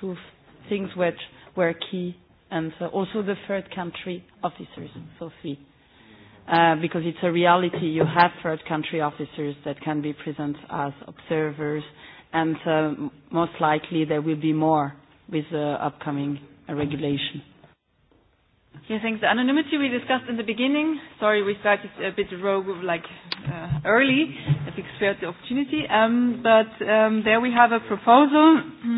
two things which were key, and so uh, also the third country officers, so three. Uh, because it's a reality, you have third country officers that can be present as observers, and uh, most likely there will be more with the upcoming uh, regulation. Yeah, thanks. The anonymity we discussed in the beginning. Sorry, we started a bit rogue, like uh, early, because we had the opportunity. Um, but um, there we have a proposal [clears throat]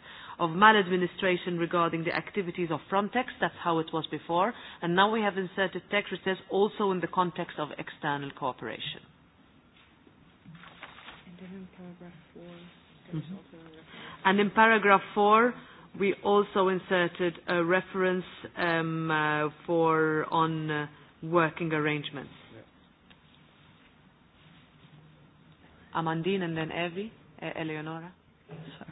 of maladministration regarding the activities of Frontex. That's how it was before. And now we have inserted text which says also in the context of external cooperation. And then in paragraph four, there's mm-hmm. also a reference. And in paragraph four, we also inserted a reference um, uh, for on uh, working arrangements. Yeah. Amandine and then Evie, uh, Eleonora. Sorry.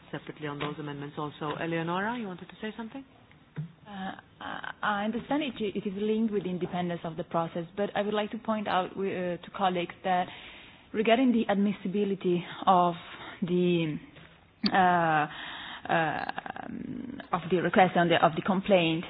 separately on those amendments also. Eleonora, you wanted to say something? Uh, I understand it, it is linked with the independence of the process, but I would like to point out uh, to colleagues that regarding the admissibility of the uh, uh, of the request and the, of the complaint, uh,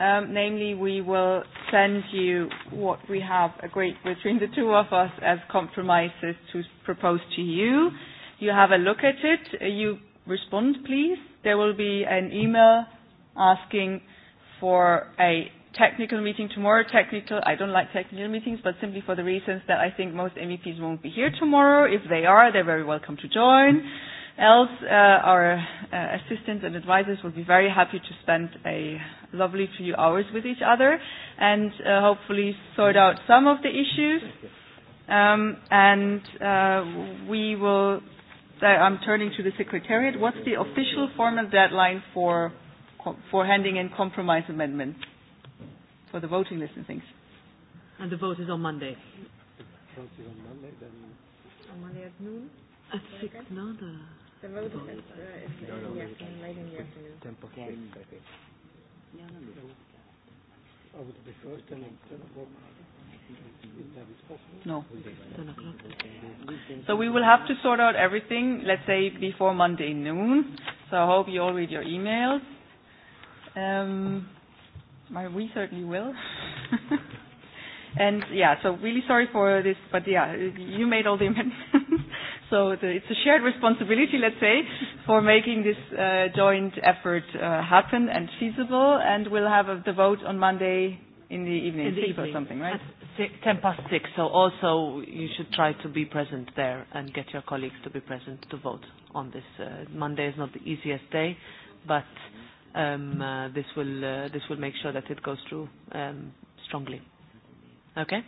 Um, namely, we will send you what we have agreed between the two of us as compromises to propose to you. You have a look at it. Uh, you respond, please. There will be an email asking for a technical meeting tomorrow. Technical, I don't like technical meetings, but simply for the reasons that I think most MEPs won't be here tomorrow. If they are, they're very welcome to join. Else, uh, our uh, assistants and advisors will be very happy to spend a lovely few hours with each other and uh, hopefully sort out some of the issues. Um, and uh, we will, uh, I'm turning to the Secretariat. What's the official formal deadline for, for handing in compromise amendments for the voting list and things? And the vote is on Monday. The vote is on Monday, then. On Monday at noon? At 6, no, the... The vote is, uh, is no, no, late in the afternoon. 10 past 6, I think. No. So we will have to sort out everything, let's say, before Monday noon. So I hope you all read your emails. Um, my, we certainly will. [laughs] and yeah, so really sorry for this, but yeah, you made all the amendments. [laughs] So the, it's a shared responsibility, let's say, for making this uh, joint effort uh, happen and feasible. And we'll have a, the vote on Monday in the evening, in the six evening. or something, right? At six, ten past six. So also you should try to be present there and get your colleagues to be present to vote on this. Uh, Monday is not the easiest day, but um, uh, this will uh, this will make sure that it goes through um, strongly. Okay.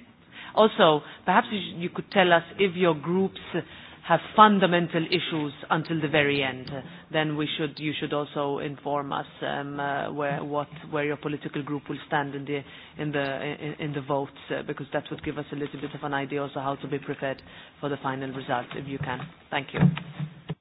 Also, perhaps you, sh- you could tell us if your groups. Uh, have fundamental issues until the very end, then we should, you should also inform us um, uh, where, what, where your political group will stand in the, in the, in, in the votes, uh, because that would give us a little bit of an idea also how to be prepared for the final result, if you can. Thank you.